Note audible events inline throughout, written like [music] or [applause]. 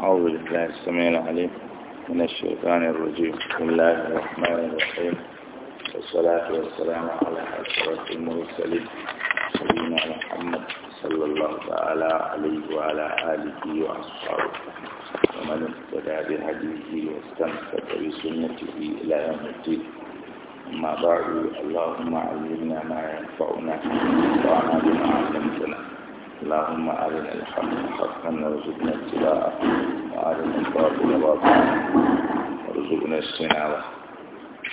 أعوذ بالله السميع العليم من الشيطان الرجيم بسم الله الرحمن الرحيم والصلاة والسلام على أشرف المرسلين سيدنا محمد صلى الله تعالى عليه وعلى آله وأصحابه ومن اهتدى بهديه واستمسك بسنته إلى يوم الدين أما بعد اللهم علمنا ما ينفعنا وأنا بما علمتنا اللهم أرنا الحق حقا وارزقنا اتباعه وأرنا الباطل باطلا وارزقنا اجتنابه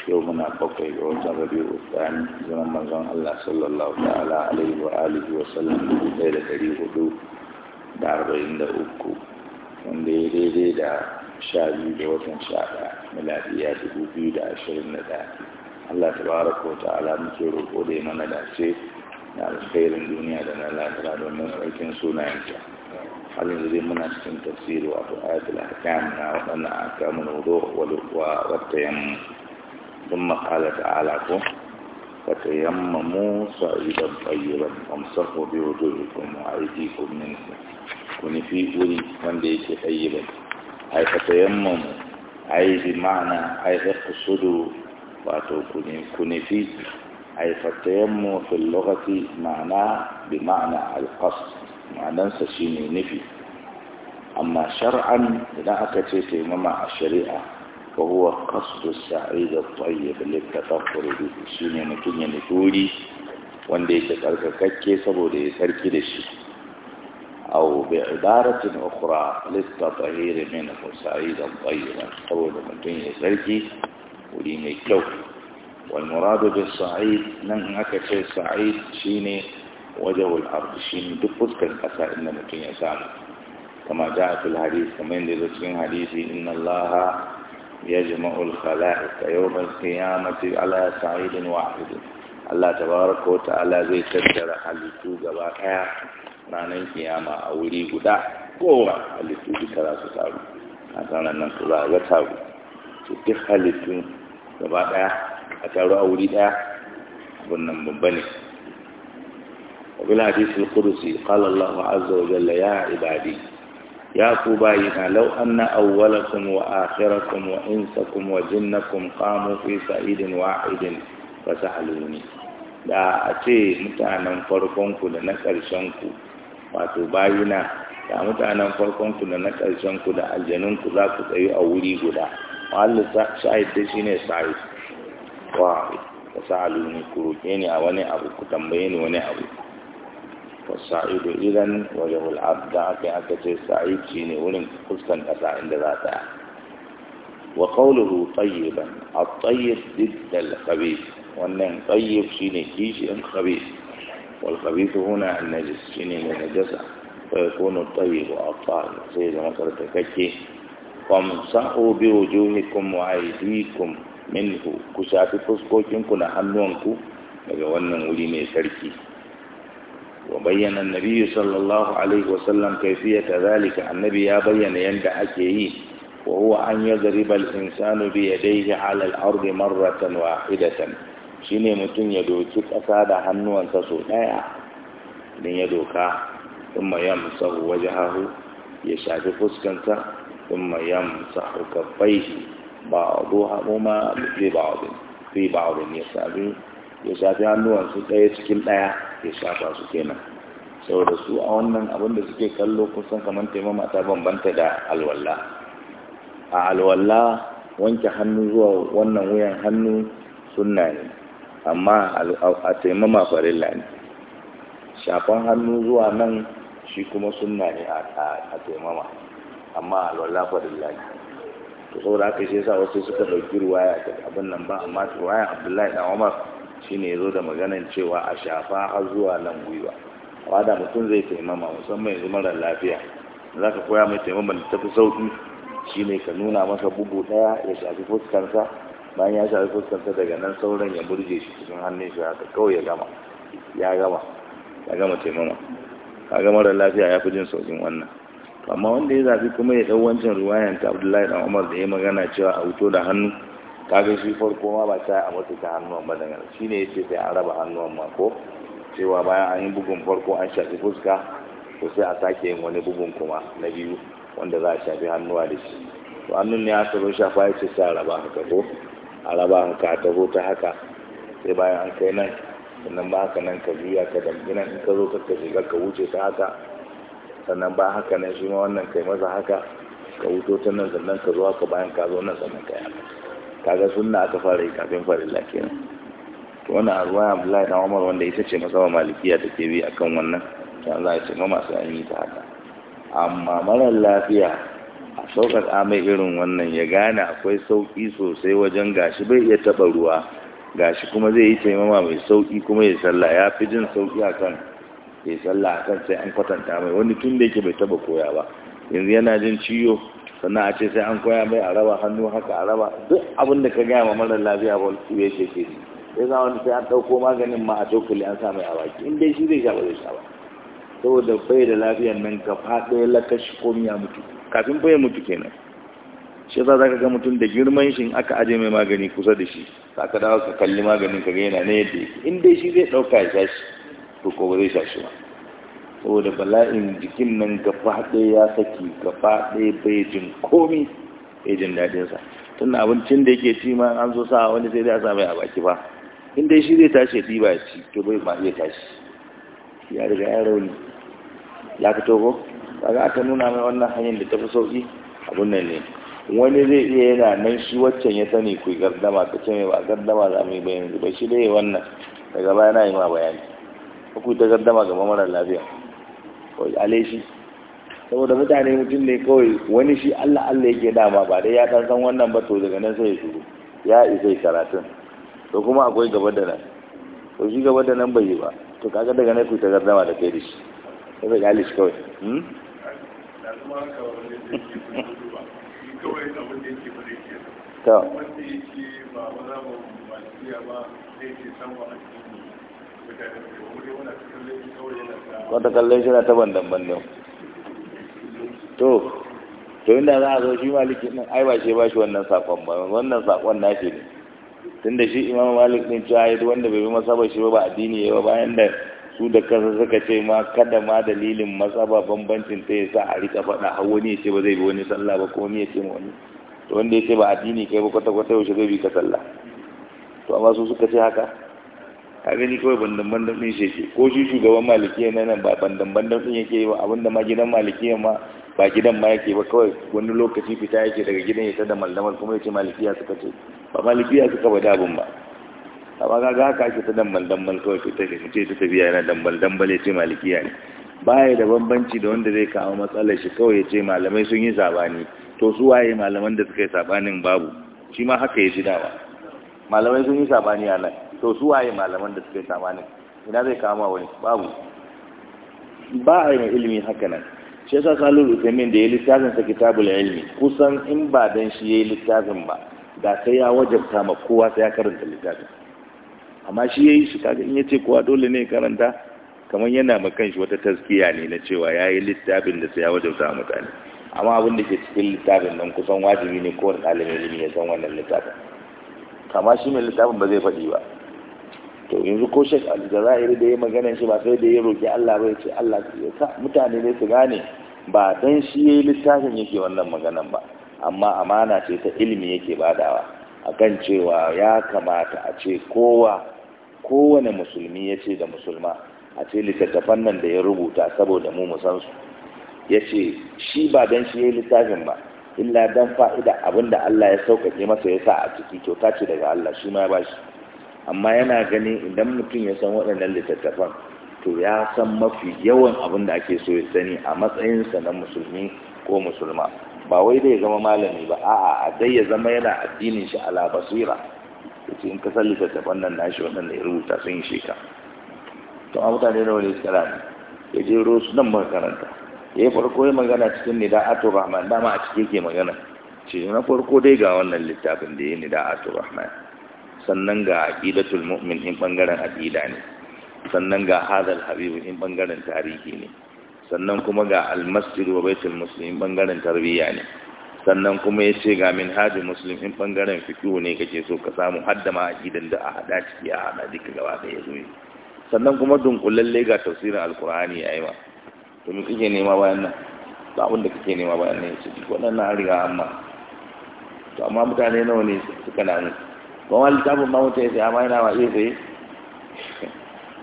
يومنا بقي وجه ربيع الثاني زمن من الله صلى الله تعالى عليه وآله وسلم ليلة تاريخ حدود da arba'in da uku wanda ya daidai da sha biyu da watan sha ɗaya miladiya dubu biyu da ashirin da ɗaya Allah ta baraka wa ta'ala muke roƙo da mana dace da alkhairin duniya da na lafira domin suna sunayen ta da zai muna cikin tafsiri wa ta ayat al-ahkam na wadanda aka mana wudu wa lukwa wata yan dun makala ta ala ko wata yan mamu sa idan bayyana amsafu bi wudu hukum wa aiki ko min kuni fi wuri wanda yake ayyana ai wata yan mamu ai bi ma'ana ai zai kusudu wato kuni fi أي فالتيمم في اللغة معناه بمعنى القصد معنى سشيني نفي أما شرعا لا أكتر تيمم على الشريعة فهو قصد السعيد الطيب اللي تطفر به سيني نتوني يعني نتولي وان دي تتلقى كتكي سبو دي تركي دي أو بعبارة أخرى للتطهير منه سعيدا سعيد الطيب سبو دي تركي ولي ميكلوكي والمراد بالصعيد من هناك شيء صعيد شيني وجه الأرض شيني دفت القصاء إن متن يسامه كما جاء في الحديث كما ذكر الحديث إن الله يجمع الخلائق يوم القيامة على صعيد واحد الله تبارك وتعالى زي تترى حلتو جباكا معنى القيامة أولي قدا قوة حلتو بكرا ستارو أتانا ننقضا يتارو تتخ حلتو جباكا a taru a wuri ɗaya wannan babba ne wabin hadisi kudusi kala Allah ma'azza wa jalla ya ibadi ya ku bayi na lau an na awwalakum wa akhirakum wa insakum wa jinnakum kamu fi sa'idin wa aidin fa sahaluni da a ce mutanen farkon ku da na karshen ku wato bayina da mutanen farkon ku da na karshen ku da aljanun ku za ku tsayi a wuri guda wa Allah sha'id da shine sa'id wahid ka sa'aluni ku roƙe ni a wani abu ku tambaye ni wani abu fasa'idu idan wajahul abda aka aka ce sa'id shi ne wurin fuskan ƙasa inda za ta wa qawluhu tayyiban at-tayyib didd al-khabith wannan tayyib shine kishin khabith wal khabith huna an-najis shine ne najasa fa yakunu at-tayyib at-tahir sai da masar takakke famsahu bi wujuhikum wa aydikum minhu ku shafi fuskokinku na hannuwanku daga wannan wuri mai sarki wa bayyana annabi sallallahu alaihi wasallam ta zalika annabi ya bayyana yadda ake yi wa huwa an yadriba ya insanu bi yadayhi ala al-ardi marratan wahidatan shine mutum ya doki ƙasa da hannuwansa sau ɗaya din ya doka thumma waje hahu ya shafi fuskansa thumma yamsahu kafai. بعضهما ببعض في بعض يسافي يسافي hannuwan su ɗaya cikin ɗaya ya shafa su kenan saboda su a wannan abin da suke kallo kusan kamar taimama ta bambanta da alwalla a alwalla wanke hannu zuwa wannan wuyan hannu sunna ne amma a taimama farilla ne shafan hannu zuwa nan shi kuma sunna ne a taimama amma alwalla farilla ne to saboda haka shi yasa wasu suka ɗauki ruwaya da abin nan ba amma ruwaya abdullahi dan umar shine yazo da maganan cewa a shafa har zuwa nan gwiwa amma da mutum zai taimama musamman yanzu mara lafiya za ka koya mai taimama da tafi sauki shine ka nuna masa bugu ɗaya ya shafi fuskarsa bayan ya shafi fuskarsa daga nan sauran ya burge shi cikin hannun shi haka kawai ya gama ya gama ya gama taimama kaga mara lafiya ya fi jin saukin wannan amma wanda ya zafi kuma ya ɗau wancan ruwayan ta abdullahi dan umar da ya magana cewa a wuto da hannu kaga shi farko ma ba ta a mutu ta hannuwan ba daga shi ne ce sai an raba hannuwan ma ko cewa bayan an yi bugun farko an shafi fuska to sai a sake yin wani bugun kuma na biyu wanda za a shafi hannuwa da shi to hannun ne aka shafa ya ce sai a raba haka ko a raba haka a taho ta haka sai bayan an kai nan sannan ba haka nan ka juya ka damgina in ka zo ka shiga ka wuce ta haka sannan ba haka ne, shi ma wannan kai masa haka ka wuto ta nan sannan ka zuwa ka bayan ka zo nan sannan ka yi kaga sunna aka fara yi kafin farilla kenan to wannan ruwa Abdullahi dan Umar wanda ita ce masa malikiya da ke bi akan wannan kan za a ce ma masu an yi ta haka amma marar lafiya a sauƙaƙa mai irin wannan ya gane akwai sauƙi sosai wajen gashi bai iya taɓa ruwa gashi kuma zai yi taimama mai sauƙi kuma ya sallah ya fi jin sauƙi akan ya a kan sai an kwatanta mai wani tun da yake bai taba koya ba yanzu yana jin ciwo sannan a ce sai an koya mai a raba hannu haka a raba duk abin da ka gaya ma marar lafiya ba su ya ce ce sai za wani sai an ɗauko maganin ma a tokuli an sa mai a baki in dai shi zai sha ba zai sha ba saboda bai da lafiyan nan ka faɗo ya lakashi ko miya mutu kafin bai mutu kenan shi za ka ga mutum da girman shi aka aje mai magani kusa da shi za ka dawo ka kalli maganin ka ga yana ne yadda in dai shi zai ɗauka ya sha shi to ko ba zai shashi ba saboda bala'in jikin nan gaba ɗaya ya saki gaba ɗaya bai jin komi bai jin daɗinsa tun abincin da yake ci ma an zo sa wani sai dai a sa a baki ba in dai shi zai tashi ya ɗiba ci to bai ma iya tashi ya riga ya rauni ya ba za a ta nuna mai wannan hanyar da ta fi sauki abun nan ne wani zai iya yana nan shi waccan ya sani ku gardama ka ce mai ba gardama za mu yi bayani ba shi dai wannan daga baya na yi ma bayani ku ta gardama ga mara lafiya kawai shi. saboda mutane mutum ne kawai wani shi Allah Allah yake dama ba dai ya dan san wannan ba to daga nan sai ya shigo ya isa karatun to kuma akwai gaba da nan to shi gaba da nan bai yi ba to kaga daga nan ku ta gardama da kai da shi sai ka alishi kawai hmm to ba wata kallon shi na ta bandan bandan to to inda za a zo shi maliki din ai ba shi ba shi wannan sakon ba wannan sakon na shi ne tunda shi imam malik din cewa yadda wanda bai bi masaba shi ba ba addini ya ba bayan da su da kansa suka ce ma kada ma dalilin masaba bambancin ta ya sa a rika faɗa har wani ya ce ba zai bi wani sallah ba ko wani ya ce ma wani to wanda ya ce ba addini kai ba kwata kwata yaushe zai bi ka sallah to amma su suka ce haka ka gani kawai bandan bandan din shi yake ko shi shugaban malikiya na nan ba bandan bandan din yake ba abinda ma gidan malikiya ma ba gidan ma yake ba kawai wani lokaci fita yake daga gidan ya tada mallamar kuma yace malikiya suka ce ba malikiya suka ba dabin ba amma kaga haka ake ta dambal dambal kawai fita ke ce ta tafiya yana dambal dambal ya ce malikiya ne baya da bambanci da wanda zai kawo matsalar shi kawai ya ce malamai sun yi sabani to su waye malaman da suka yi sabanin babu shi ma haka ya ji dawa malamai sun yi sabani a nan to su waye malaman da suka yi sabani ina zai kama wani babu ba a yi mai ilimi haka nan shi yasa Salisu usaimin da ya littafin sa kitabul ilimi, kusan in ba dan shi ya yi littafin ba da sai ya wajabta ma kowa sai ya karanta littafin amma shi yi shi kaga in ya ce kowa dole ne karanta kamar yana ma kanshi wata taskiya ne na cewa ya yi littafin da sai ya wajabta mutane amma abin da ke cikin littafin nan kusan wajibi ne kowane ɗalibin ilimi ya san wannan littafin kama shi mai littafin ba zai faɗi ba to yanzu ko shek aljazairi da ya magana shi ba sai da ya roki Allah ba ya ce Allah ya sa mutane ne su gane ba dan shi ya yi littafin yake wannan maganan ba amma amana ce ta ilimi yake badawa a kan cewa ya kamata a ce kowa kowane musulmi ya ce da musulma a ce littattafan nan da ya rubuta saboda mu musansu su ya ce shi ba dan shi ya yi littafin ba illa dan fa'ida abinda Allah ya sauƙaƙe masa ya sa a ciki kyauta ce daga Allah shi ma ya bashi amma yana gani idan mutum ya san waɗannan littattafan to ya san mafi yawan abin da ake so ya sani a matsayinsa na musulmi ko musulma ba wai dai ya zama malami ba a'a a dai ya zama yana addinin shi ala basira yace in ka san littattafan nan nashi waɗanda ya rubuta sun yi sheka to a mutane da wani suka rani ya je su nan makaranta. ya eh, farko ya magana cikin nida'atul rahman dama a cike ke magana ce na farko dai ga wannan littafin da ya nida'atul rahman sannan ga aqidatul mu'min in bangaren aqida ne sannan ga hadal habibu in bangaren tarihi ne sannan kuma ga almasjid wa baitul muslim bangaren tarbiyya ne sannan kuma ya ce ga minhaji muslim in bangaren fikihu ne kake so ka samu hadda ma aqidan da a hada ciki a hada duka gaba da yazo sannan kuma dunkulalle ga tafsirin alqur'ani yi ma to kake nema bayan nan ba abin da kake nema bayan nan yace duk waɗannan an riga amma to amma mutane nawa ne suka na ni ba wani littafin ma mutane sai amma yana waje iya sai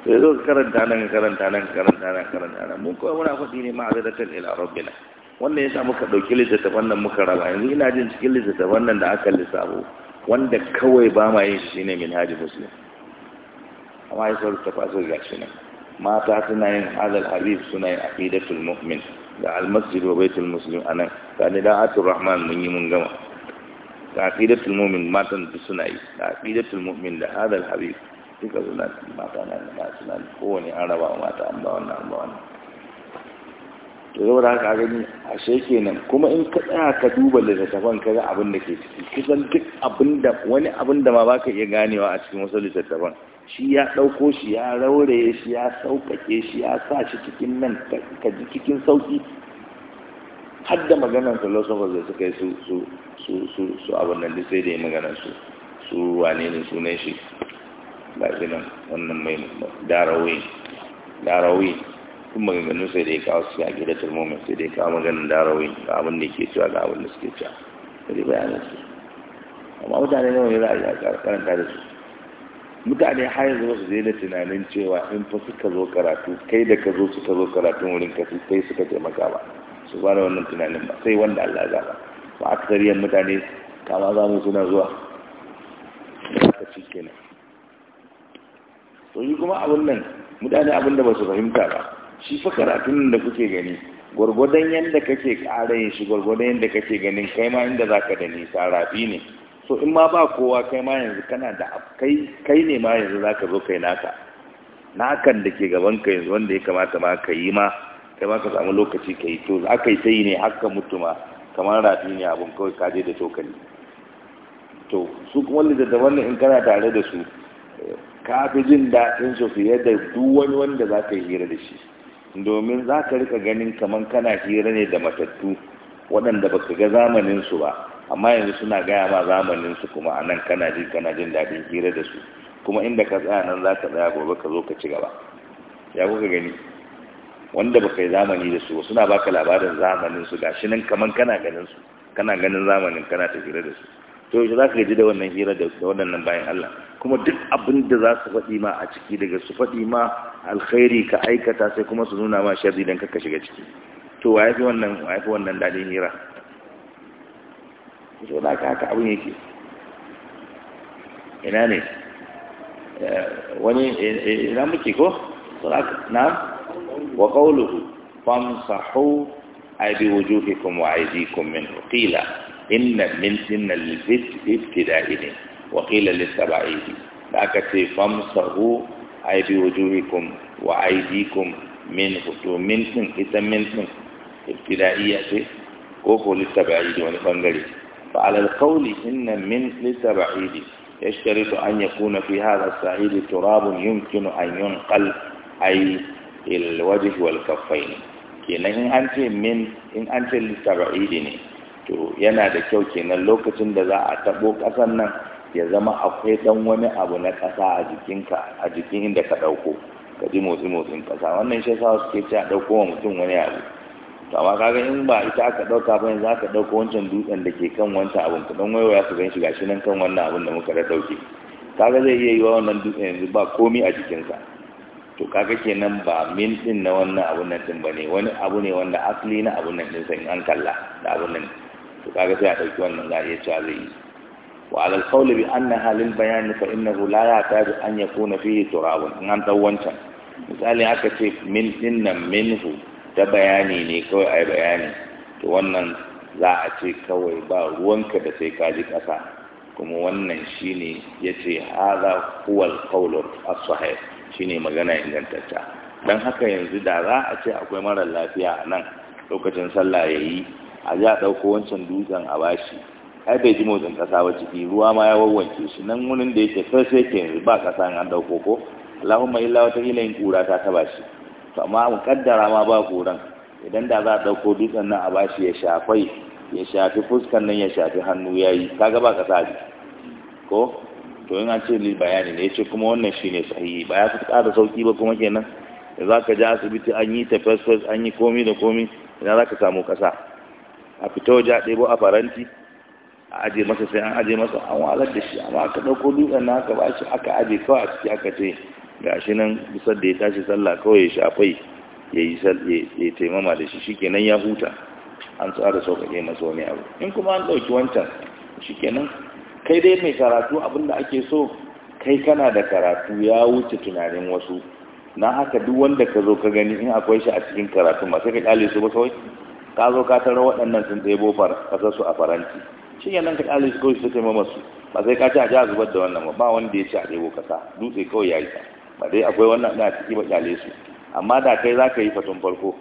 sai zo karanta nan karanta nan karanta nan karanta nan mun kawai muna faɗi ne ma'azaratan ila rabbina wannan yasa muka ɗauki littattafan nan muka raba yanzu ina jin cikin littattafan nan da aka lissafo wanda kawai ba ma yin shi shine minhajul muslim amma yasa littafa so ga shi nan mata suna yin hadal habib suna yin aqidatul mu'min da almasjid wa baitul muslim anan da nida'atul rahman mun yi mun gama da aqidatul mu'min matan suna yi da aqidatul mu'min da hadal habib duka suna mata na da suna kowane an raba mata an ba wannan an ba wannan to zama da haka gani ashe kenan kuma in ka tsaya ka duba littattafan ka ga abin da ke ciki kusan duk abin da wani abin da ma baka iya ganewa a cikin wasu littattafan shi ya ɗauko shi ya rauraye shi ya sauƙaƙe shi ya sa shi cikin nan ka ji cikin sauƙi har da maganar philosophers da suka yi su su su su su abin nan da sai da yi maganar su su wane ne sunan shi ba shi nan wannan mai darawin darawin kun maganganun sai da ya kawo su a gida turmomin sai da ya kawo maganin darawin ga abin da ke cewa ga abin da suke cewa da bayanin su amma mutane nawa ne ra'ayi a karanta da su mutane har yanzu su daina tunanin cewa in fa suka zo karatu kai da ka zo suka zo karatun wurin ka kai suka taimaka ba su ba da wannan tunanin ba sai wanda Allah ya ba ba aksariyar mutane kama za mu suna zuwa ka ci kenan to yi kuma abin nan mutane abin da ba su fahimta ba shi fa karatun da kuke gani gwargwadon yadda kake ƙara yin shi gwargwadon yadda kake ganin kai ma inda za ka da nisa rafi ne so in ma ba kowa kai ma yanzu kana da kai kai ne ma yanzu zaka zo kai naka nakan da ke gaban ka yanzu wanda ya kamata ma ka yi ma kai ma ka samu lokaci ka yi to za ka yi ta yi ne haka mutu ma kamar rafi ne abun kawai ka je da tokali to su kuma wannan in kana tare da su ka fi jin daɗin su fiye da duk wani wanda za ka yi hira da shi domin za ka rika ganin kamar kana hira ne da matattu waɗanda ba ka ga zamaninsu ba amma yanzu suna gaya ma zamanin su kuma anan nan kana jin kana jin daɗin hira da su kuma inda ka tsaya nan za ka tsaya gobe ka zo ka ci gaba ya kuka gani wanda baka yi zamani da su suna baka labarin zamanin su gashi nan kaman kana ganin su kana ganin zamanin kana ta hira da su to yaushe za ka ji da wannan hira da waɗannan bayan Allah kuma duk abin da za su faɗi ma a ciki daga su faɗi ma alkhairi ka aikata sai kuma su nuna ma sharri dan ka shiga ciki to wa yafi wannan wa yafi wannan daɗin hira so da haka abin yake ina ne wani ina muke ko na wa qawluhu famsahu ay bi wujuhikum wa aydikum minhu qila inna min inna al-ibtida'i wa qila lis-saba'ihi da aka ce famsahu ay bi wujuhikum wa aydikum minhu to min din ita min din ibtida'iyya ce ko ko lis-saba'ihi wani bangare فعلى القول إن من للتبعيد يشترط أن يكون في هذا السعيد تراب يمكن أن ينقل أي الوجه والكفين kenan in an ce min in an ce ne to yana da kyau kenan lokacin da za a tabo kasan nan ya zama akwai dan wani abu na kasa a jikinka a jikin inda ka ɗauko ka ji motsi motsin kasa wannan shi yasa suke ce a ɗauko wa mutum wani abu to amma kaga in ba ita aka dauka ba yanzu aka ɗauka wancan dutsen da ke kan wancan abin ku dan ya ku ganshi gashi nan kan wannan abin da muka da dauke kaga zai iya yi wa wannan dutsen yanzu ba komi a jikinsa to kaga kenan ba min din na wannan abun nan din bane wani abu ne wanda asali na abun nan din sai an kalla da abun nan to kaga sai a dauki wannan za a iya cewa zai yi wa alal qawli bi na halin bayan fa innahu ta bi an yakuna fihi turabun in an dau wancan misali aka ce min din nan ta bayani ne kawai a yi bayani to wannan za a ce kawai ba ruwanka da sai ka ji ƙasa kuma wannan shine ya ce haza huwal kaulur as shi shine magana ingantacca don haka yanzu da za a ce akwai mara lafiya a nan lokacin sallah ya yi a ji a ɗauko wancan dutsen a bashi ai bai ji motsin ƙasa ba ciki ruwa ma ya wawwanke shi nan wurin da yake sai sai ke yanzu ba ƙasa an ɗauko ko Allahumma illa wata yanayin kura ƙura ta taba shi to amma mu kaddara ma ba goran idan da za a ɗauko dutsen nan a bashi ya shafai ya shafi fuskan nan ya shafi hannu ya yi kaga ba ƙasa sabi ko to in an ce ni bayani ne ya ce kuma wannan shi ne sahihi ba ya fi ƙara sauƙi ba kuma kenan da za ka ja asibiti an yi tafes an yi komi da komi idan za ka samu ƙasa a fito waje a ɗebo a faranti a aje masa sai an aje masa an walar da shi amma aka ɗauko dutsen nan aka ba shi aka aje kawai a ciki aka ce shi nan bisar da ya tashi sallah kawai ya shafai ya yi taimama da shi shikenan ya huta an tsara sauƙaƙe masu wani abu in kuma an ɗauki wancan shikenan kai dai mai karatu abinda ake so kai kana da karatu ya wuce tunanin wasu na haka duk wanda ka zo ka gani in akwai shi a cikin karatu ma sai ka kyale su ba kawai ka zo ka tarar waɗannan sun ɗebo far kasar su a faranti shi nan ka kyale su kawai su ta taimama su ba sai ka ci a ji a zubar da wannan ba ba wanda ya ci a ɗebo kasa dutse kawai ya yi ta ba dai akwai wannan na ciki ba kyale su amma da kai za ka yi fatan farko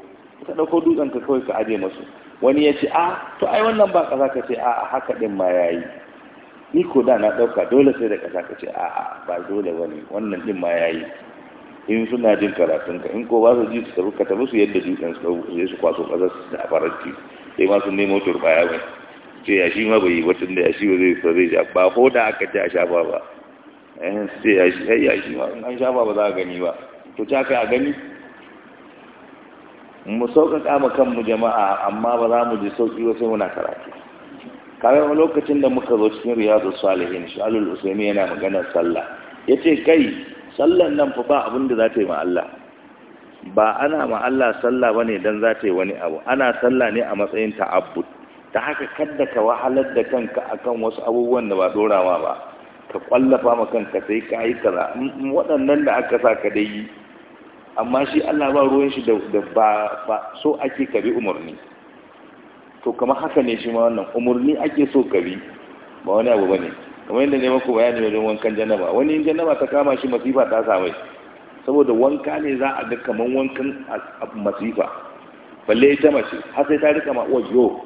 ka ɗauko dutsen ka kawai ka aje masu wani ya ce a to ai wannan ba ƙasa ka ce a haka ɗin ma ya yi ni ko da na ɗauka dole sai da ƙasa ka ce a ba dole wani wannan ɗin ma ya yi in suna jin karatun in ko ba su ji su taru ka tafi su yadda dutsen su sai su kwaso ƙasar su da faranti sai ma sun nemo turbaya mai ce ya shi ma bai yi wacin da ya shi ba zai sa ba ko da aka ce a shafa ba Eh, sai ya shi ya shi ba an sha ba za a gani ba to kai a gani mu sauƙaƙa kanmu jama'a amma ba za mu ji sauƙi ba sai muna karatu kawai lokacin da muka zo cikin riyadu salihin shalul usaimi yana maganar sallah ya ce kai sallan nan fa ba abin da za yi ma Allah ba ana ma Allah sallah ba ne don za yi wani abu ana sallah ne a matsayin ta'abbud ta haka kadda ka wahalar da kanka akan wasu abubuwan da ba dorawa ba ka kwallafa ma kanka sai ka yi kaza waɗannan da aka sa ka dai amma shi Allah ba ruwan shi da ba so ake kabi umarni to kamar haka ne shi ma wannan umarni ake so kabi ba wani abu bane kamar yadda ne muku bayani wajen wankan janaba wani janaba ta kama shi masifa ta samai saboda wanka ne za a ga kamar wankan masifa balle ita mace har sai ta rika ma wajo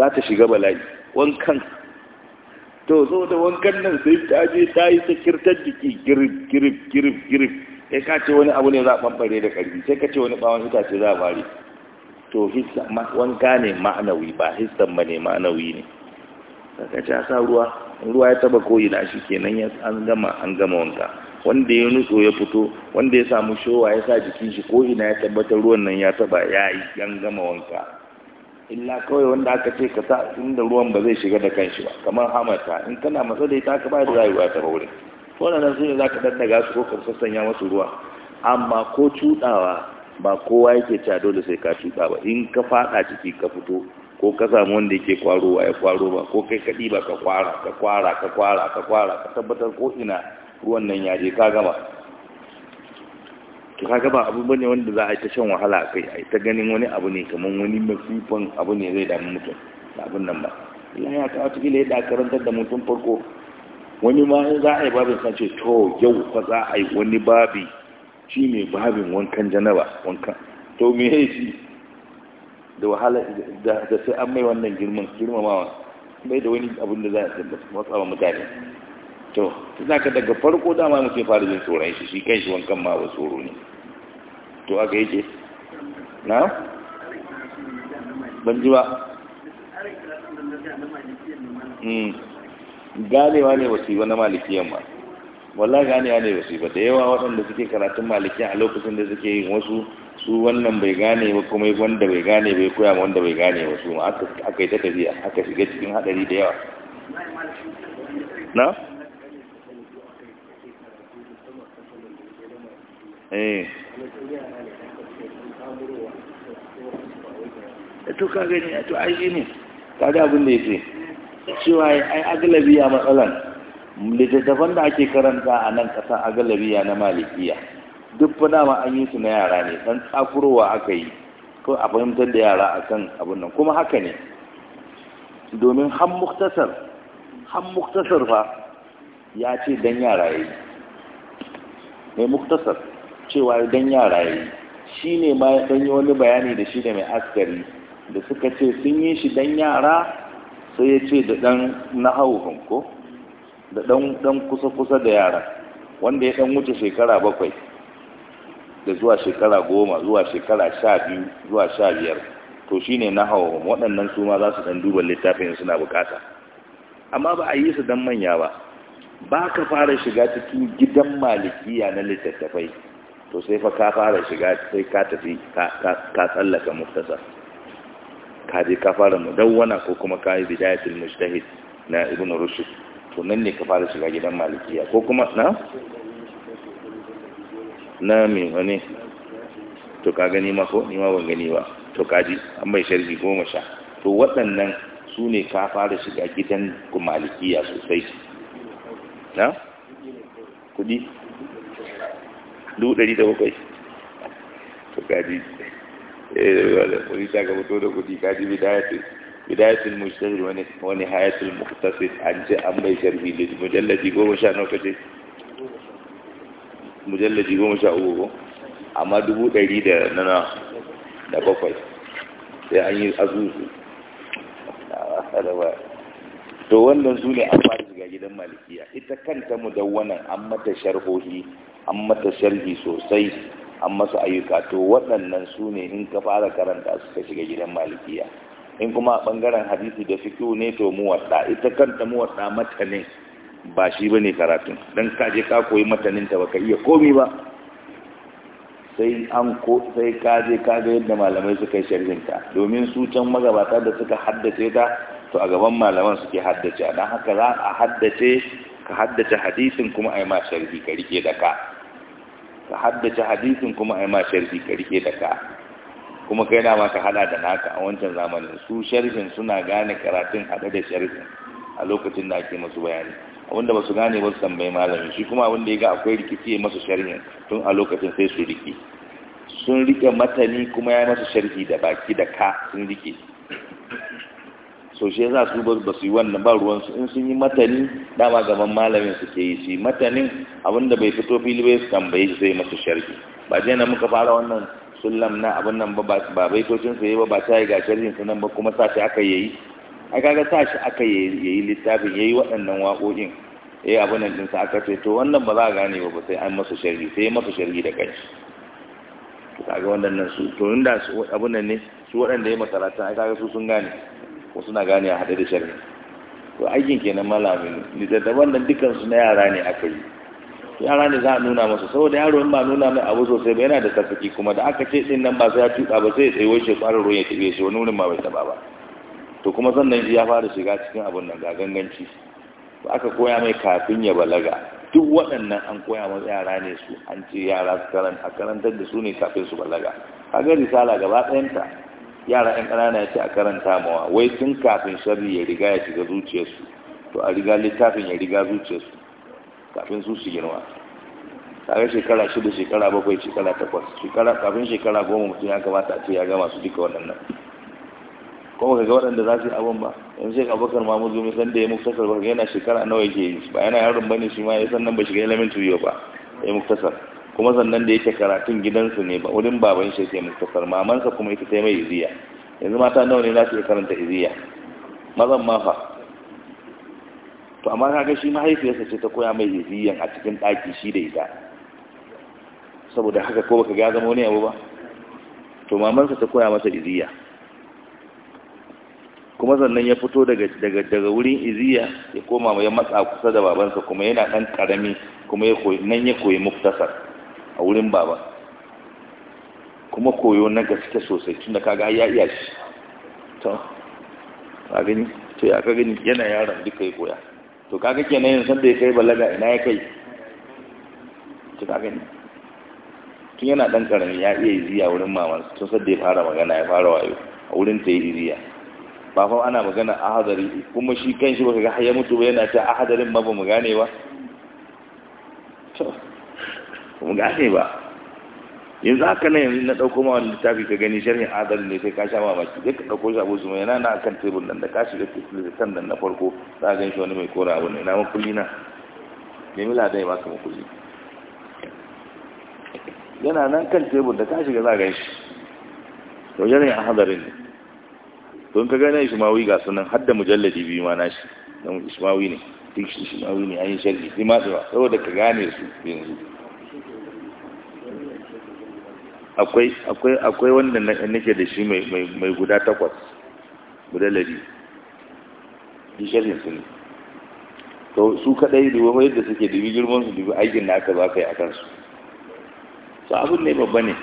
za ta shiga bala'i wankan to so da wankan nan sai ta je ta yi ta kirtar jiki girif girif girif girif sai ka ce wani abu ne za a bambare da karfi sai ka ce wani bawon itace za a bare to wanka ne ma'anawi ba hissan ba ne ma'anawi ne ka ci sa ruwa ruwa ya taba koyi na shi kenan ya an gama an gama wanka wanda ya nutso ya fito wanda ya samu showa ya sa jikin shi ko ina ya tabbatar ruwan nan ya taba ya yi an gama wanka illa kawai wanda aka ce ka sa inda ruwan ba zai shiga da kanshi ba kamar hamata in kana matsa da ita ka ba da rayuwa ta wurin wannan nan sai zaka daddaga su ko ka sassanya masu ruwa amma ko cudawa ba kowa yake cewa dole sai ka cuɗa ba in ka fada ciki ka fito ko ka samu wanda yake kwarowa ya kwaro ba ko kai kadi ba ka kwara ka kwara ka kwara ka kwara ka tabbatar ko ina ruwan nan ya je ka gama to kaga ba abu bane wanda za a yi ta shan wahala kai a ta ganin wani abu ne kamar wani masifan abu ne zai damu mutum da abin nan ba ila ya ta wata ila da karantar da mutum farko wani ma in za a yi babin sa ce to yau fa za a yi wani babi shi ne babin wankan janaba wankan to me yake shi da wahala da sai an mai wannan girman girmamawa bai da wani abun da za a matsawa mutane to zaka daga farko dama mutum ya fara jin tsoron shi shi kan shi wankan ma ba tsoro ne to aka yake na ban ji ba hmm. ganewa ne wasu ba na malikiyan ma wallah ganewa ne wasu ba da yawa waɗanda suke karatun malikiyan a lokacin da suke yin wasu su wannan bai gane ba kuma wanda bai gane bai koya ma wanda bai gane ba su ma aka yi ta tafiya aka shiga cikin haɗari da yawa na Eh. eh to ka gani eh, to ai gini ne kaga abin da yake cewa ai agalabiya matsalan littattafan da ake karanta a nan ƙasa agalabiya na malikiya duk fa dama an yi su na yara ne dan tsakurowa aka yi ko a fahimtar da yara akan abin nan kuma haka ne domin han muktasar han muktasar fa ya ce dan yara yayi ne muktasar cewa dan yara yi shi ne ma ya wani bayani da shi da mai askari da suka ce sun yi shi dan yara sai ya ce da ɗan hauhun ko da ɗan kusa-kusa da yara wanda ya ɗan wuce shekara bakwai da zuwa shekara goma zuwa shekara sha biyu zuwa sha biyar to shi ne na hauhun waɗannan su ma za su ɗan duba littafin suna bukata amma ba a yi su dan manya ba ba ka fara shiga cikin gidan malikiya na littattafai to sai fa ka fara shiga sai ka tafi ka tsallaka muftasar ka je ka fara mudawwana ko kuma ka yi bidayatul mujtahid na ibn rushd to nan ne ka fara shiga gidan malikiya ko kuma na na me wani to ka gani ma ko ni ma ban gani ba to kaji an bai sharhi goma sha to waɗannan su ne ka fara shiga gidan malikiya sosai na kuɗi dubu ɗari da bakwai to kaji kuri eh, ta gaba da kudi kaji bidayatul bidayatul mujtahid wani wani hayatul muqtasid an ce an bai sharhi da mujallaji goma sha nawa kace mujallaji goma sha uku amma dubu ɗari da nana da bakwai sai an yi azuzu ah, to wannan su ne an fara shiga gidan malikiya ita kanta wannan an mata sharhohi an mata sharhi sosai an masa ayyuka to waɗannan su ne in ka fara karanta su ka shiga gidan malikiya in kuma a ɓangaren hadisi da fikiyu ne to muwaɗa ita kanta muwaɗa ne. ba shi ba ne karatun don je ka koyi mataninta ba ka iya komi ba sai an ko sai kaje ga yadda malamai suka yi sharhinta domin su can magabata da suka haddace ta to a gaban malaman suke haddace don haka za a haddace ka haddace hadisin kuma a yi ma sharhi ka rike da ka ka haddace hadisin kuma a yi ma sharhi ka rike da ka kuma kai na ka hada da naka a wancan zamanin su sharhin suna gane karatun hada da sharhin a lokacin da ake masu bayani abinda ba su gane ba su tambayi malamin shi kuma abinda ya ga akwai rikici ya masa sharhin tun a lokacin sai su rike sun rike matani kuma ya masa sharhi da baki da ka sun rike so shi yasa su ba su yi wannan ba ruwan su in sun yi matani dama gaban malamin suke yi su yi matanin abinda bai fito fili bai su tambaye shi sai masu sharhi ba je na muka fara wannan sullam na abin nan ba ba baitocin su ba ba yi ga sharhin su nan ba kuma sa shi aka yayi ai kaga sa shi aka yayi littafin yayi waɗannan waƙoƙin eh abin nan din sa aka ce to wannan ba za a gane ba sai an masa sharhi sai masa sharhi da kai to kaga wannan su to inda abin nan ne su waɗanda ya masarata ai kaga su sun gane wasu na gane a hada da sharri to aikin kenan malamin wannan nan dukansu na yara ne aka yi yara ne za a nuna masa saboda yaro in ba nuna mai abu sosai ba yana da tafiki kuma da aka ce din nan ba sai ya tuka ba sai ya tsaye wace fara ruwan ya tabe shi wani wurin ma bai taba ba to kuma sannan shi ya fara shiga cikin abun nan ga ganganci ba aka koya mai kafin ya balaga duk waɗannan an koya masa yara ne su an ce yara su karanta karantar da su ne kafin su balaga a ga risala gaba ɗayanta yara yan ƙanana ya ce a karanta mawa wai tun kafin sharri ya riga ya shiga zuciyarsu to a riga littafin ya riga zuciyarsu kafin su su girma tare shekara shida shekara bakwai shekara takwas shekara kafin shekara goma mutum ya kamata a ce ya gama su duka waɗannan kuma ka ga waɗanda za su yi abin ba yanzu shi abokan mamu zumi san da ya muktasar ba yana shekara nawa yake yi ba yana yaron bane shi ma ya san nan ba shiga elementary ba ya muktasar kuma sannan da yake karatun gidansu ne ba wurin baban shi ke muktasar mamansa kuma ita ta mai iziya yanzu mata nawa ne za su karanta iziya mazan ma fa to amma kaga shi mahaifiyarsa ce ta koya mai iziyan a cikin ɗaki shi da ita saboda haka ko baka ga zama wani abu ba to mamansa ta koya masa iziya kuma sannan ya fito daga daga daga wurin iziya ya koma ya matsa kusa da babansa kuma yana ɗan ƙarami kuma ya koyi nan ya koyi muktasar a wurin baba kuma koyo na gaske sosai tunda kaga ya iya shi to ka gani to ya ka gani yana yaron duka ya koya to kaga kenan yin sanda ya kai balaga ina ya kai to ka gani tun yana dan karami ya iya a wurin maman tun sanda ya fara magana ya fara wayo a wurin ta yi iziya ba fa ana magana a hadari kuma shi kan shi baka ga har ya mutu ba yana ta a hadarin ma ba mu ba mu gane ba yanzu haka nan yanzu na ɗauko ma wani littafi ka gani sharhin adal ne sai ka sha mamaki zai ka ɗauko shi abu su yana na akan tebur nan da kashi da kan nan na farko za a gan shi wani mai kora abu ne na makulli na nemi ladan ya baka makulli yana nan kan tebur da kashi ga za a gan shi to a hadarin ne to in ka gane ismawi ga sunan har da mujalladi biyu ma nashi shi ismawi ne duk ismawi ne an yi sharhi sai ma saboda ka gane su yanzu akwai akwai akwai wanda nake da shi mai mai mai guda takwas guda lari di sharhin su to su kadai da wani da suke dubi girman su dubi aikin da aka baka yi akan su to abun ne babba ne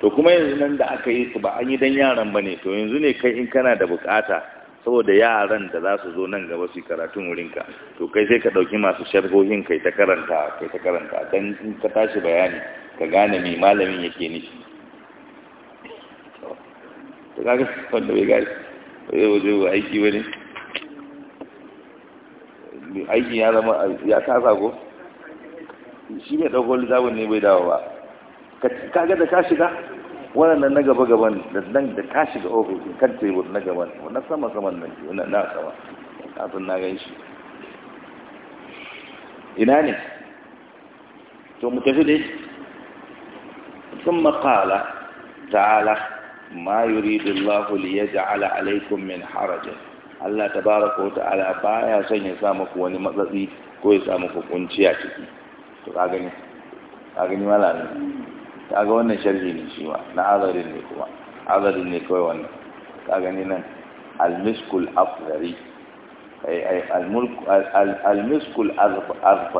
to kuma yanzu nan da aka yi su ba an yi dan yaran bane to yanzu ne kai in kana da bukata saboda yaran da za su zo nan gaba su karatun wurinka to kai sai ka dauki masu sharhohin kai ta karanta kai ta karanta dan ka tashi bayani ka gane mai malamin yake nufi to kaga wanda bai gari bai waje ba aiki bane aiki ya zama ya kasa ko shi mai ɗauko littafin ne bai dawo ba kaga da ka shiga waɗannan na gaba gaban da nan da ka shiga ofis kan tebur na gaban na sama saman nan na sama kafin na gan shi ina ne to mu tafi dai ثم قال تعالى ما يريد الله ليجعل عليكم من حرج Allah tabaraka wa ta'ala baya son ya sa muku wani matsatsi ko ya sa kunciya ciki to ka gani ka gani malami ka ga wannan sharhi ne shi na azarin ne kuma azarin ne kawai wannan ka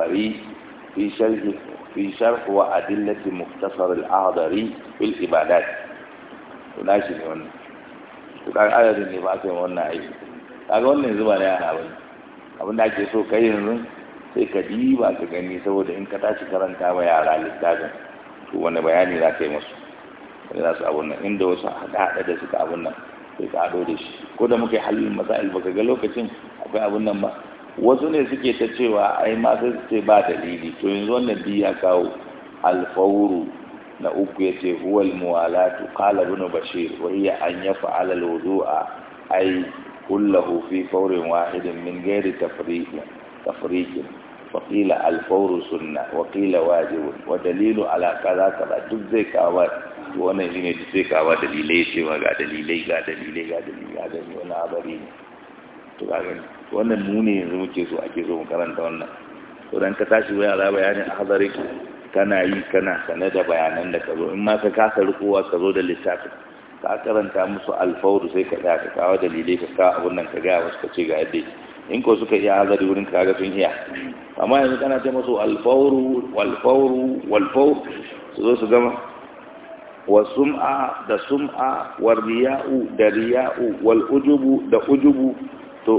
nan fi في شرح وأدلة مختصر الأعذري في الإبادات وناشي لون وكان عدد النفاق والنعيش kaga wannan zuba ne ana bane abin da ake so kai yanzu sai ka diba ka gani saboda in ka tashi karanta ma yara littafin to wani bayani za ka yi musu wani za su abun nan inda wasu haɗa-haɗa da suka abin nan sai ka haɗo da shi ko da muka yi halin masa'il baka ga lokacin akwai abin nan ba wasu ne suke ta cewa ai ma sai su ce ba dalili to yanzu wannan biyu ya kawo alfawuru na uku ya ce huwal muwalatu kala bunu bashir wa hiya an fa'ala alwudu'a ai kullahu fi fawrin wahidin min ghairi tafriqin tafriqin wa qila alfawru sunna wa qila wajibun wa dalilu ala kaza kaza duk zai kawo wannan shine duk zai kawo dalilai cewa ga dalilai ga dalilai ga dalilai ga dalilai wannan abari ne to ga gani wannan mu ne yanzu muke so ake so mu karanta wannan to dan ka tashi waya za bayanin ahzari kana yi kana sane da bayanan da ka zo in ma ka kasa ka zo da littafin ka karanta musu alfawdu sai ka ka kawo dalilai ka kawo abin nan ka gaya wasu ka ce ga yadda in ko suka iya hazari wurin ka ga sun iya amma yanzu kana ce musu alfawru walfawru walfawru su zo su gama wa sum'a da sum'a wa riya'u da riya'u wal ujubu da ujubu to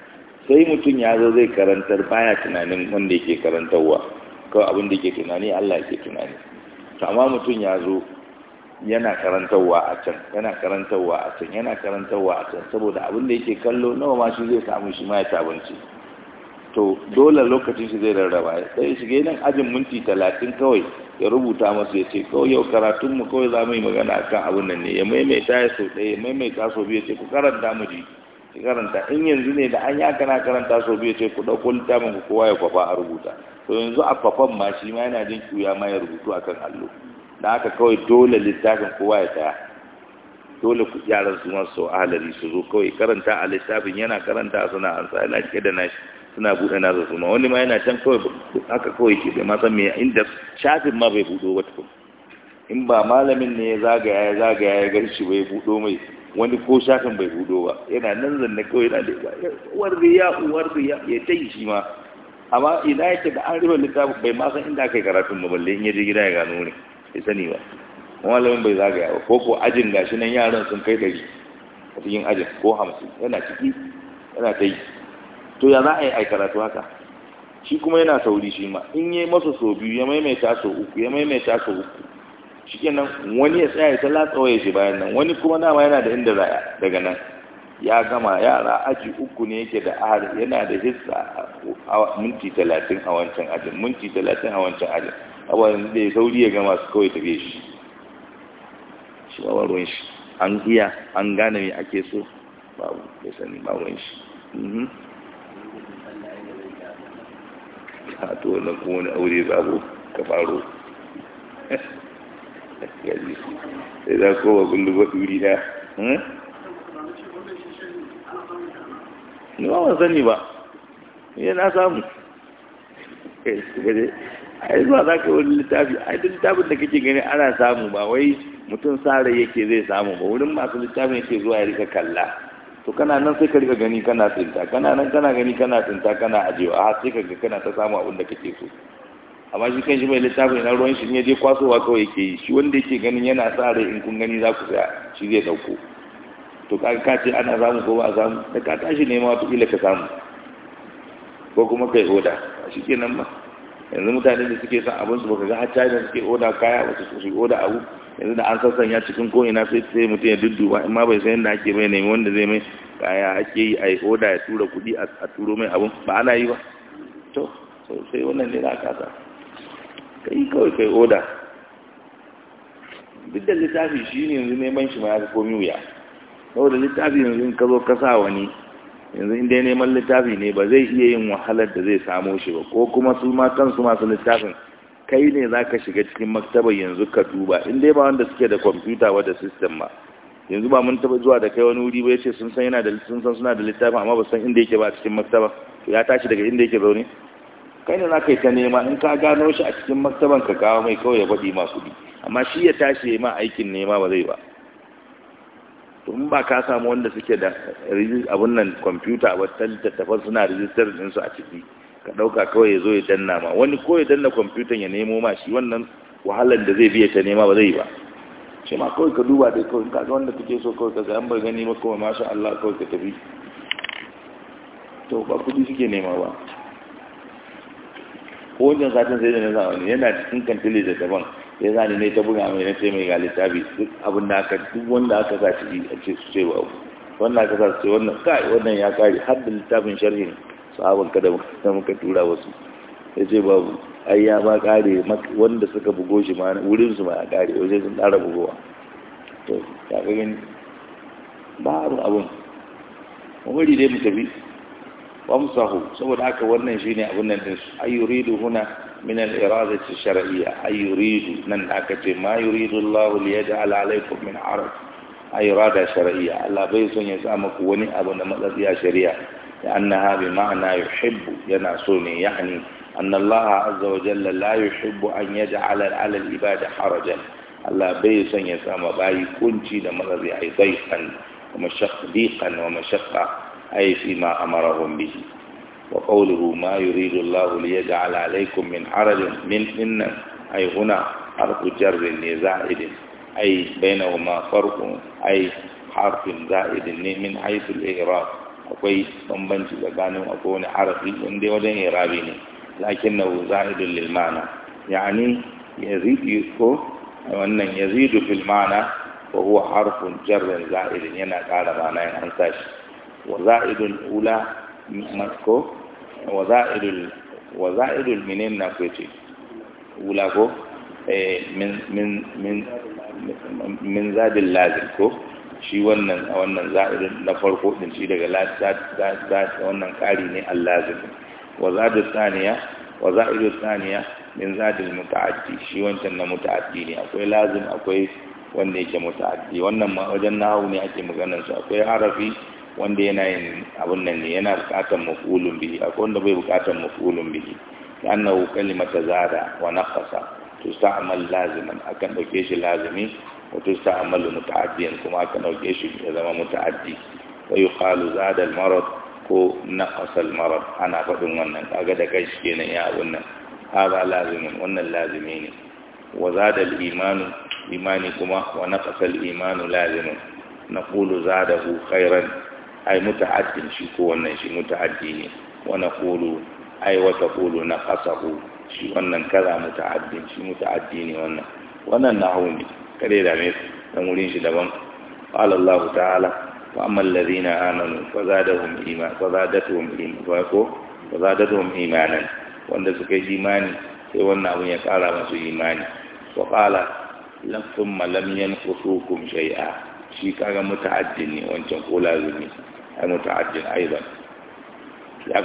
sai mutum ya zo zai karantar baya tunanin wanda yake karantarwa kawai abin da yake tunani Allah yake tunani to amma mutum ya zo yana karantarwa a can yana karantarwa a can yana karantarwa a can saboda abin da yake kallo nawa ma shi zai samu shi ma ya tabanci to dole lokacin shi zai rarraba sai ya shige nan ajin minti talatin kawai ya rubuta masa ya ce kawai yau karatunmu kawai za mu yi magana akan abin nan ne ya maimaita ya sau ɗaya ya maimaita sau biyu ya ce ku karanta mu ji karanta in yanzu ne da an aka na karanta so biyu ce ku ɗauko littafin ku kowa ya kwafa a rubuta to yanzu a kwafan ma shi ma yana jin kiwuya ma ya rubutu akan allo da aka kawai dole littafin kowa ya tsaya dole ku yaran su ma su ahalari su zo kawai karanta a littafin yana karanta suna an yana cike da nashi suna buɗe nasa ma wani ma yana can kawai aka kawai ke bai ma san me inda shafin ma bai buɗo ba tukun in ba malamin ne ya zagaya ya zagaya ya gan shi bai buɗo mai wani ko shafin bai hudo ba yana nan zanne kawai yana da ba uwar riya uwar riya ya ta yi shi ma amma ina yake da an riba littafin bai ma san inda aka yi karatun ba balle in ya gida ya gano wani ya sani ba malamin bai zagaya ba ko ko ajin gashi nan yaran sun kai ɗari a cikin ajin ko hamsin yana ciki yana ta to ya za a yi karatu haka shi kuma yana sauri shi ma in yi masa sau biyu ya maimaita so uku ya maimaita so uku shikenan wani ya tsaya ta latsawaye shi bayan nan wani kuma dama yana da inda za daga nan ya gama yara aji uku ne yake da ahar yana da hissa minti talatin a wancan ajin minti talatin a wancan ajin abuwa yanzu da ya sauri ya gama su kawai tafiye shi shi ba ruwan shi an iya an gane mai ake so babu ya sani ba ruwan shi mhm. a to na wani aure babu ka faro [laughs] sai za da hmm? ni ba ba na samu za ka littafin da kake gani ana samu ba wai mutum sare yake zai samu ba wurin masu littafin yake zuwa ya rika kalla to kana nan sai ka rika gani kana tsinta kana nan kana gani kana tsinta kana ajiyewa har sai ka ga kana ta samu abin da kake so amma shi kan shi mai littafin ina ruwan shi ne dai kwasowa kawai yake yi shi wanda yake ganin yana sa rai in kun gani za ku saya shi zai dauko to ka ka ce ana samu ko ba a samu da ka tashi nema wata kila ka samu ko kuma kai oda shi nan ba yanzu mutane da suke son abin su baka ga har China suke oda kaya ba su su oda abu yanzu da an ya cikin ko ina sai sai mutum ya dudduba in ma bai san yadda ake mai nemi wanda zai mai kaya ake yi a yi oda ya tura kuɗi a turo mai abin ba ana yi ba to sai wannan ne za ka kasa kai kawai kai oda duk da littafi shi ne yanzu neman shi ma ya komi wuya da littafi yanzu in ka zo kasa wani yanzu inda ya neman littafi ne ba zai iya yin wahalar da zai samo shi ba ko kuma su ma kansu masu littafin kai ne za ka shiga cikin maktaba yanzu ka duba in dai ba wanda suke da kwamfuta wadda sistem ba yanzu ba mun taba zuwa da kai wani wuri ba ya ce sun san yana sun san suna da littafin amma ba san inda yake ba cikin maktaba ya tashi daga inda yake zaune kai ne za ka yi ta nema in ka gano shi a cikin maktaban ka kawo mai kawai ya faɗi ma kuɗi amma shi ya tashi ya ma aikin nema ba zai ba to in ba ka samu wanda suke da abun nan kwamfuta ba ta littattafan suna rijistar ɗinsu a ciki ka ɗauka kawai ya zo ya danna ma wani ko ya danna kwamfutan ya nemo ma shi wannan wahalar da zai biya ta nema ba zai ba shi ma kawai ka duba dai kawai kaga wanda kake so kawai ka an bar gani ma kawai masha Allah kawai ka tafi to ba kudi suke nema ba ko wajen satin sai da na zamani yana cikin kantili da daban ya zane ne ta buga mai na ce mai ga littafi duk abin da aka duk wanda aka sa shi a ce su ce babu wannan aka sa su ce wannan kai wannan ya kare har da littafin sharhin sahaban kada da muka tura wasu ya ce babu ai ya ba kare wanda suka bugo shi ma wurin su ma ya kare waje sun ɗara bugowa to ya ga gani ba abin abin wani dai mu tafi وامسه سبب ذلك وانه جيني ابن الانس اي يريد هنا من الارادة الشرعية اي يريد من اكت ما يريد الله ليجعل عليكم من حرج اي ارادة شرعية الله بيس ان يسامك وني ابن مقلت يا شريعة لانها بمعنى يحب يناسوني يعني ان الله عز وجل لا يحب ان يجعل على العباد حرجا الله بيس ان يسامك باي كنتي لمقلت يا شريعة ومشق ضيقا ومشقة أي فيما أمرهم به وقوله ما يريد الله ليجعل عليكم من حرج من إن أي هنا حرف جر لزائد أي بينهما فرق أي حرف زائد من حيث الإعراب akwai bambanci tsakanin akwai wani harafi inda wajen rabi ne lakin na za'idun lilmana yani yazidu ko wannan yazidu fil mana wa huwa harfun jarrin za'idin yana ƙara mana an waza'idul ula ko waza'idul ko min zadin lazim shi wannan a na farko shi daga lazim wannan ƙari ne allazim wa zadin saniya wa saniya min zadin muta'addi shi wancan na muta'addi ne akwai lazim akwai wanda yake muta'addi wannan ma wajen nahawu ne ake maganar su akwai harafi wanda yana yin abun nan ne yana bukatar maf'ulun bihi akwai wanda bai bukatar maf'ulun bihi annahu kalimata zada wa naqasa tusta'mal laziman akan dauke shi lazimi wa tusta'malu muta'addiyan kuma akan dauke shi ya zama muta'addi wa yuqalu zada al-marad ko naqasa al-marad ana fadin wannan kaga da kai kenan ya abun nan hada lazimin wannan lazimi ne wa zada al-imanu imani kuma wa naqasa al-imanu lazimin naqulu zadahu khairan ai mutahaddin shi ko wannan shi mutahaddi ne wa naqulu ai wa taqulu naqasahu shi wannan kaza mutahaddin shi mutahaddi ne wannan wannan nahu ne kare da me dan wurin shi daban qala Allah ta'ala wa amma alladhina amanu fazadahum iman fazadatuhum iman wa ko fazadatuhum imanan wanda suka yi imani sai wannan abun ya kara masu imani wa qala lam thumma lam yanqusukum shay'a shi kaga muta'addin ne wancan ko lazimi متعد أيضا لا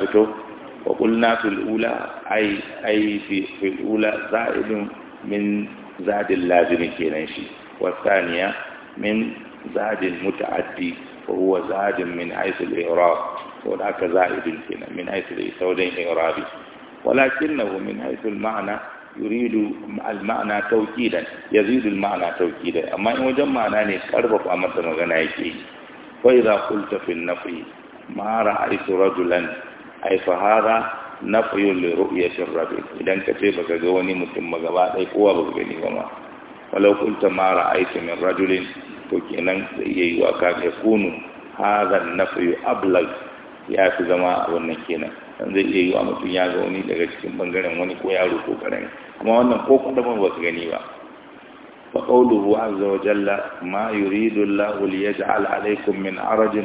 وقلنا في الأولى أي, أي في, في الأولى زائد من زاد اللازم كينشي والثانية من زاد المتعدي وهو زاد من حيث الإعراب وذاك زائد من حيث الإسودين إعرابي ولكنه من حيث المعنى يريد المعنى توكيدا يزيد المعنى توكيدا أما إن معنى أن أمر مغنى يكيه فإذا قلت في النفي ما رأيت رجلا أي فهذا نفي لرؤية الرجل إذا كتب كجواني متم غباء أي قوة بغني وما ولو قلت ما رأيت من رجل فكنا يوكا يكون هذا النفي أبلغ يا سيدما ونكينا a wannan zai iya yi wa mutum ya ga wani daga cikin bangaren wani ko yaro ko karami amma wannan ko kuma ba su gani ba فقوله عز وجل ما يريد الله ليجعل عليكم من عرج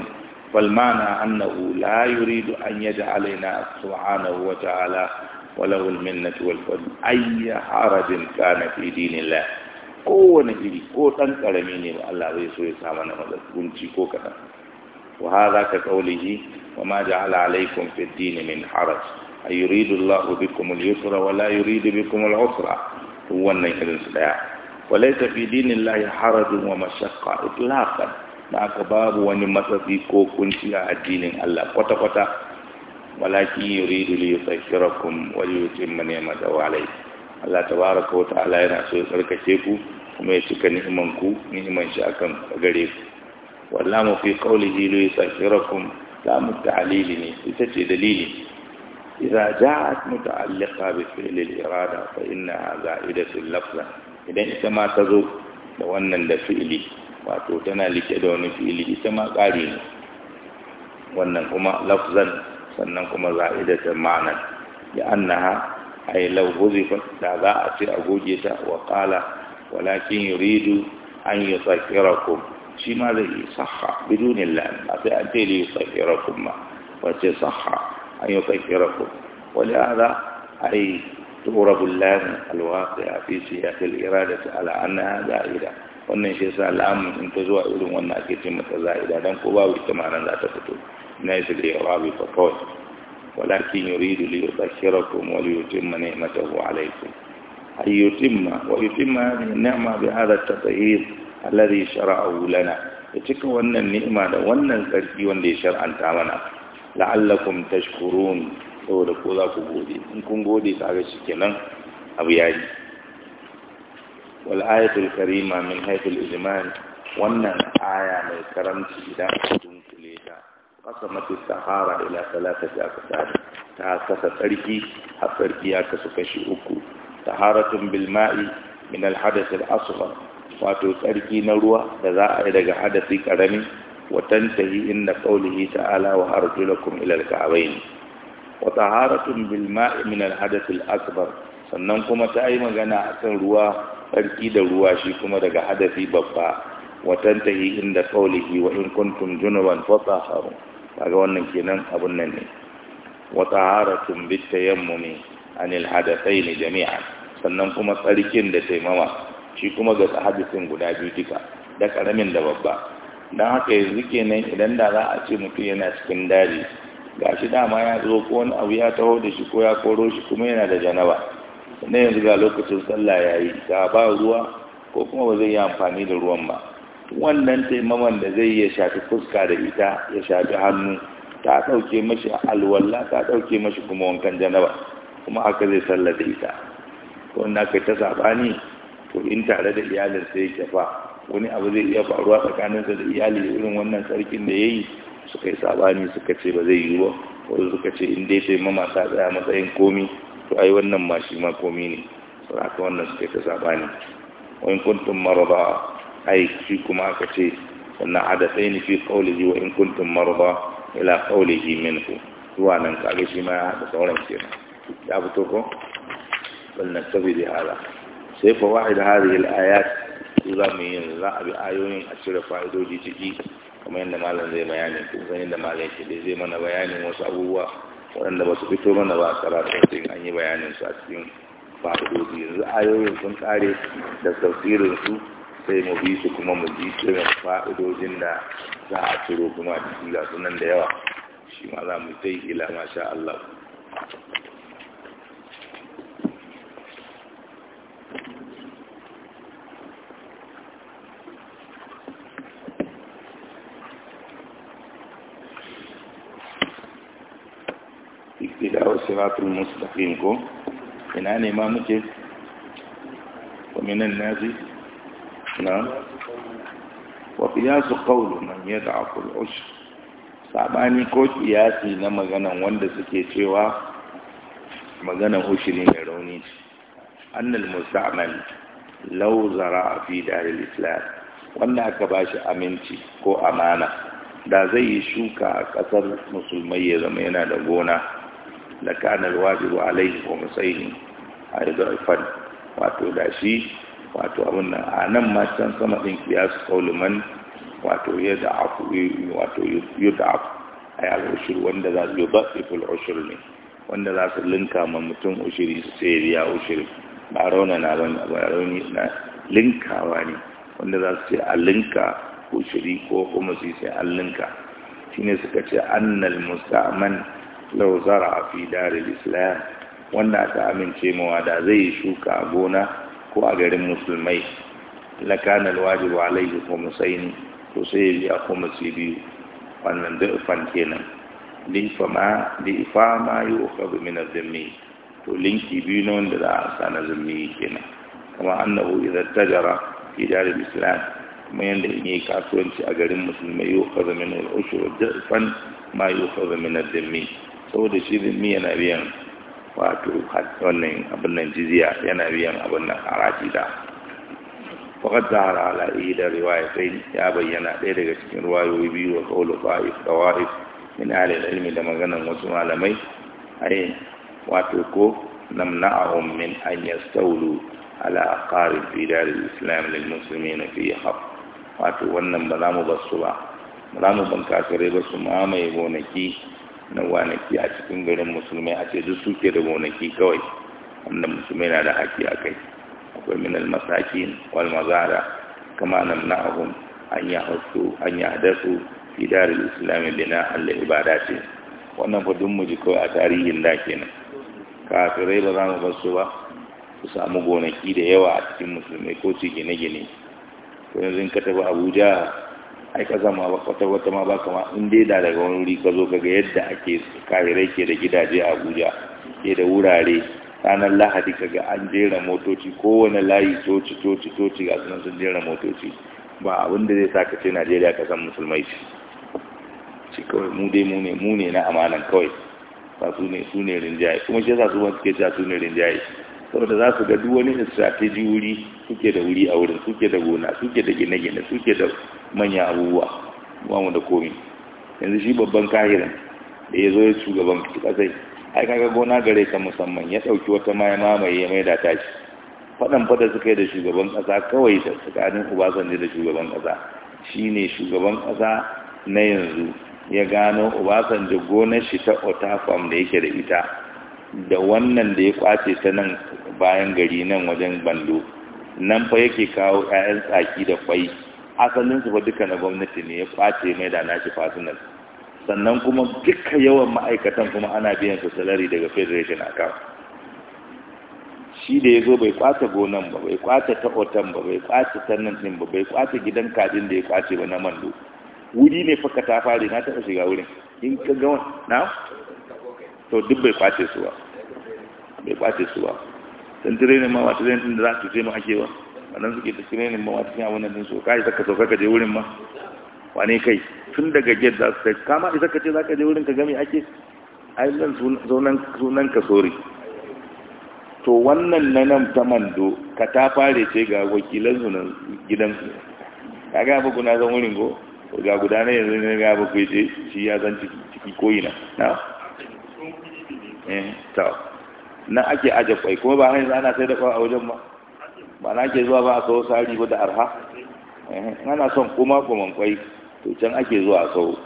فالمعنى أنه لا يريد أن يجعلنا سبحانه وتعالى وله المنة والفضل أي حرج كان في دين الله قوة نجري قوة تنكر مني الله يسوي سامنا مدد كنتي وهذا كقوله وما جعل عليكم في الدين من حرج أي يريد الله بكم اليسر ولا يريد بكم العسر هو النجر السلاح walaisa fi lahi harajun wa mashaqqa itlaqan aka babu wani matsafi ko kunci a addinin Allah kwata-kwata walakin yuridu li yutahhirakum wa li yutimma ni'matahu alaykum Allah ta tabaaraka wa ta'ala yana so ya tsarkake ku kuma ya cika ni'iman ku ni'iman shi akan gare ku mu fi tsaki rakun ta la alili ne ita ce dalili idza ja'at muta'alliqa bi fi'li irada fa innaha za'idatun lafzan idan ita ma ta zo da wannan da fi'ili wato tana like da wani fi'ili ita ma ƙari ne wannan kuma lafzan sannan kuma za'idatan ma'anar ya annaha ay law huzifat da za a ce a goge ta wa qala walakin yuridu an yusakkirakum shi ma zai sahha bidun lam ba sai an ce yusakkirakum ma wace sahha an Wani wala hada ay تغرب اللام الواقع في سياق الإرادة على أنها زائدة وأن شيء سأل من إن تزوى علوم وأن أكيد ثم تزائدة دم قباوي كمانا لا تكتب ناس الإعرابي فقال ولكن يريد ليبشركم وليتم نعمته عليكم أن يتم ويتم هذه النعمة بهذا التطهير الذي شرعه لنا يتكوى أن النعمة وأن الزكي وأن شرعا تعالنا لعلكم تشكرون saboda ko za ku gode in kun gode kaga shikenan abu yayi wal ayatul karima min haythul ijmal wannan aya mai karamci idan ka dunkule ta qasamatu sahara ila salatati aqsam ta kasa tsarki a tsarki ya kasu kashi uku taharatun bilma'i ma'i min al hadath wato tsarki na ruwa da za a yi daga hadasi karami wa tantahi inda ta ta'ala wa arjulakum ila al Wata taharatun bil ma'i al akbar sannan kuma ta yi magana akan ruwa tsarki da ruwa shi kuma daga hadafi babba wa tantahi inda qawlihi wa in kuntum junuban fatahharu kaga wannan kenan abin nan ne wa taharatun bit tayammumi anil ne jami'a, sannan kuma tsarkin da taimama shi kuma ga hadisin guda biyu duka da karamin da babba don haka yanzu kenan idan da za a ce mutum yana cikin daji Ga shi dama ya zo ko wani abu ya taho da shi ko ya koro shi kuma yana da janaba na yanzu ga lokacin sallah ya yi ga ba ruwa ko kuma ba zai yi amfani da ruwan ba wannan taimaman da zai ya shafi fuska da ita ya shafi hannu ta ɗauke mashi alwalla ta ɗauke mashi kuma wankan janaba kuma haka zai sallah da ita ko na kai ta sabani to in tare da iyalin sai ya fa wani abu zai iya faruwa tsakaninsa da iyali irin wannan sarkin da ya yi suka yi sabani suka ce ba zai yi ba wasu suka ce in dai sai mata ta tsaya matsayin komi to ai wannan ma shi ma komi ne sau haka wannan suka yi ta sabani wani kuntun maraba ai shi kuma aka ce wannan adasai ne fi kaulihi wa in kuntun maraba ila kaulihi minku zuwa nan kaga shi ma ya haɗa sauran kenan ya fito ko wannan tafi da hada. sai fa wahid hadhihi al-ayat su za mu yi yanzu za a bi ayoyin a cire fa'idoji ciki kuma yadda malam zai bayani kuma yadda malam ke dai zai mana bayanin wasu abubuwa waɗanda ba su fito mana ba a karatun sai an yi bayanin su a cikin fa'idoji yanzu ayoyin sun kare da tafsirin su sai mu bi su kuma mu ji irin fa'idojin da za a ciro kuma a cikin sunan da yawa shi ma za mu yi ila masha Allah bid'ar siratul mustaqim ko ina ne ma muke nazi? ومن su kawo وقياس قول من يدعف العشر sabani ko kiyasi na maganan wanda suke cewa maganan ushiri mai rauni annal musta'mal law a fi daril islam wanda aka bashi aminci ko amana da zai yi shuka a kasar musulmai ya zama yana da gona lakana alwajibu alaihi ko musaihi a idafan wato da shi wato abin nan a nan ma can sama ɗin kiyasu kauluman wato ya da afu wato ya da afu a yi ushir wanda za su yi baɗiful ushir ne wanda za su linka ma mutum ushiri su sai riya ushiri ba rauna na wani ba rauni na linkawa ne wanda za su ce a linka ushiri ko kuma su yi, sai an linka Shi ne suka ce annal musamman lau zara fi daril islam wanda aka amince mawa da zai yi shuka a gona ko a garin musulmai lakana alwajibu alaihi khumsaini to sai ya biya khumsi biyu wannan da ifan kenan lifa ma lifa ma yuqab min adh to linki biyu na wanda za a sa na zummi kenan kama annahu idza tajara fi daril islam kuma yadda in yi kasuwanci a garin musulmai yi yuqab min al-ushur dhifan ma yuqab min minar dhimmi saboda shi zimmi yana biyan wato wannan abin nan jiziya yana biyan abin nan haraji da fakat zahara ala da riwaya sai ya bayyana ɗaya daga cikin ruwayoyi biyu wa kawo fa'if da wa'if min alil ilmi da maganan wasu malamai ai wato ko nam namna'ahum min an yastawlu ala aqarib fi daril islam lil muslimina fi haf wato wannan ba za mu basu ba ba za mu ban ba su mamaye gonaki na wanaki a cikin garin musulmai a ce duk suke da gonaki kawai wanda musulmai na da haƙi a kai akwai minal masakin wal mazara kama namna'ahum an yi hasu an yi hadasu fi darul islam bina Allah ibada ce. wannan fa muji kawai a tarihin da kenan kafirai ba za mu bar su ba su samu gonaki da yawa a cikin musulmai ko ci gine-gine ko yanzu ka tafi Abuja ai ka zama ba kwata wata ma ba kama in dai da daga wani wuri ka zo ka ga yadda ake kahirai ke da gidaje a abuja ke da wurare ranar lahadi ka ga an jera motoci kowane layi toci toci toci ga sunan sun jera motoci ba abin da zai sa ka ce najeriya ka san musulmai shi shi kawai mu dai mu ne mu ne na amanan kawai ba su ne su ne rinjaye kuma shi yasa su ba suke cewa su ne rinjaye saboda za su ga duk wani strategy wuri suke da wuri a wurin suke da gona suke da gine-gine suke da manyan abubuwa ba mu da komi yanzu shi babban kahiran da ya zo ya shugaban kasai ai kaga gona gare ta musamman ya dauki wata ma mamaye ya mai da shi fadan fada suka yi da shugaban kasa kawai da tsakanin Obasanjo da shugaban kasa shine shugaban kasa na yanzu ya gano da gonar shi ta Otafam da yake da ita da wannan da ya kwace ta nan bayan gari nan wajen bando nan fa yake kawo 'ya'yan tsaki da kwai asalin su fa duka na gwamnati ne ya kwace mai da nashi fasinal, sannan kuma duka yawan ma'aikatan kuma ana biyan su salari daga federation account shi da ya zo bai kwace gonan ba bai kwace ta otan ba bai kwace tannan din ba bai kwace gidan kadin da ya kwace ba na mando wuri ne fa ka ta fare na taɓa shiga wurin in ka ga na to duk bai kwace su ba bai kwace su ba dan tirenin ma zai tun da za su ce mu ake ba wannan suke da tirenin ma ba cikin abin nan su kai ka sauka ka je wurin ma wane kai tun daga gate za su kai kama isa ka ce za ka je wurin ka gami ake ai nan sunan ka sori to wannan na nan ta mando ka ta fare ce ga wakilan su nan gidan su ka ga ba kuna zan wurin go ga guda yanzu ne ga ba ku ce shi ya zan ciki ko na na eh na ake aje kwai kuma ba hanyar ana sai da kwai a wajen ba ba na ake zuwa ba a sau sari ba da arha eh, ana son kuma kuma kwai to can ake zuwa a sau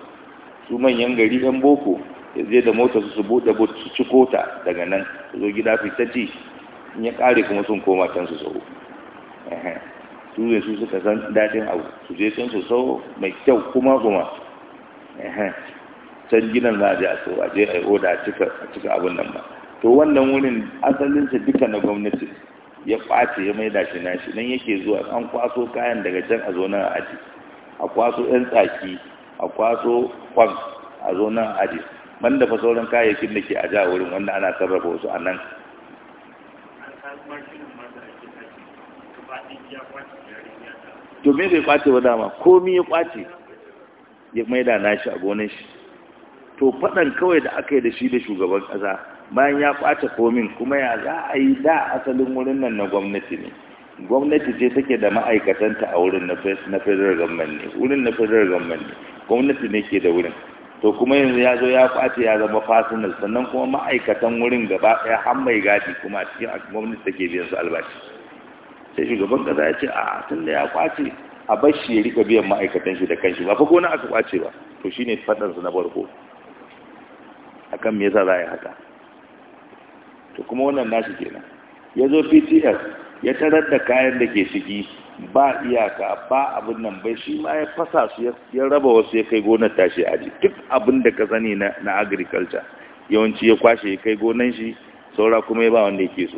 su manyan gari yan boko ya je da mota su buɗe bot su ci kota daga nan su zo gida su ta in ya ƙare kuma sun koma can su sau eh, su ne su suka san daɗin abu su je can su sau mai kyau kuma kuma eh, can gidan za a je a so a je a yi oda a cika abin nan ba to wannan wurin asalinsa duka na gwamnati ya kwace ya maida shi nashi nan yake zuwa an kwaso kayan daga can a zonar a aji a kwaso yan tsaki a kwaso kwan a zonar a aji man dafa fa sauran kayayyakin da ke a ja wurin wanda ana sarrafa wasu a nan to me bai kwace ba dama komi ya kwace ya maida nashi a gonar shi to faɗan kawai da aka yi da shi da shugaban ƙasa bayan ya ɓata komin kuma ya za a yi da asalin wurin nan na gwamnati ne gwamnati ce take da ma'aikatanta a wurin na federal government ne wurin na federal government ne gwamnati ne ke da wurin to kuma yanzu ya zo ya ƙwace ya zama fasinal sannan kuma ma'aikatan wurin gaba ɗaya har mai gadi kuma a cikin gwamnati take biyan su albashi sai shugaban ƙasa ya ce a tunda ya ƙwace a bashi ya rika biyan ma'aikatan shi da kanshi ba fa gona aka ƙwace ba to shine faɗansu na farko akan me yasa za a yi haka to kuma wannan nasu kenan ya zo ptf ya tarar da kayan da ke shigi ba iyaka ba abin nan bai shi ma ya fasa su ya raba wasu ya kai gonar tashi aji duk abin da ka sani na agriculture yawanci ya kwashe ya kai gonan shi saura kuma ya ba wanda yake so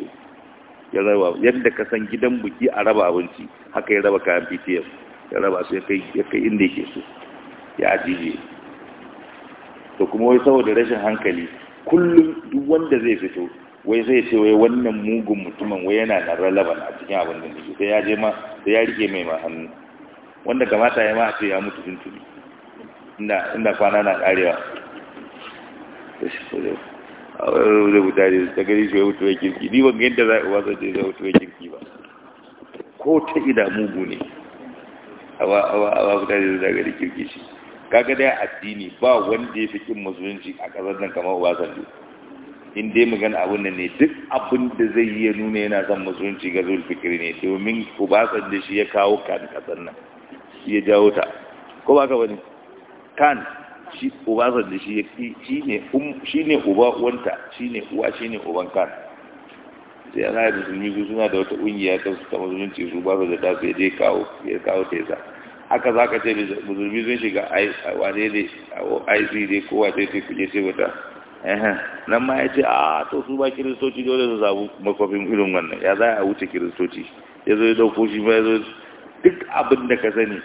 ya raba yadda ka san gidan buki a raba abinci haka ya raba kayan pts ya raba su ya kai inda yake so ya ajiye da kuma wai saboda rashin hankali kullum duk wanda zai fito wai zai ce wai wannan mugun mutumin wai yana da relevant a cikin abin da nake sai ya je ma sai ya rike mai ma hannu wanda kamata ya ma a ce ya mutu tuntuni inda inda kwana na karewa da mutane da gari shi mutuwar kirki ni ban yadda za a wasa ce za mutuwar kirki ba ko ta ida mugu ne a wa mutane da gari kirki shi kaga dai addini ba wanda ya fi kin musulunci a ƙasar nan kamar Obasanjo in dai magana abin nan ne duk abin da zai yi ya nuna yana son musulunci ga zuwa fikiri ne domin Obasanjo shi ya kawo kan ƙasar nan shi ya jawo ta ko ba ka bane kan shi Obasanjo shi ya shi ne um, shi ne uba wanta shi ne uwa shi ne uban kan sai ana da musulmi suna da wata ƙungiya ta musulunci su ba su da ta sai dai kawo ya kawo ta Aka za ka ce musulmi zai shiga wane ne ic ne ko wace ce kuje ce wata nan ma ya ce a to su ba kiristoci dole su zabu makwafin irin wannan ya za a wuce kiristoci ya zo ya dauko shi ba ya zo duk abin da ka sani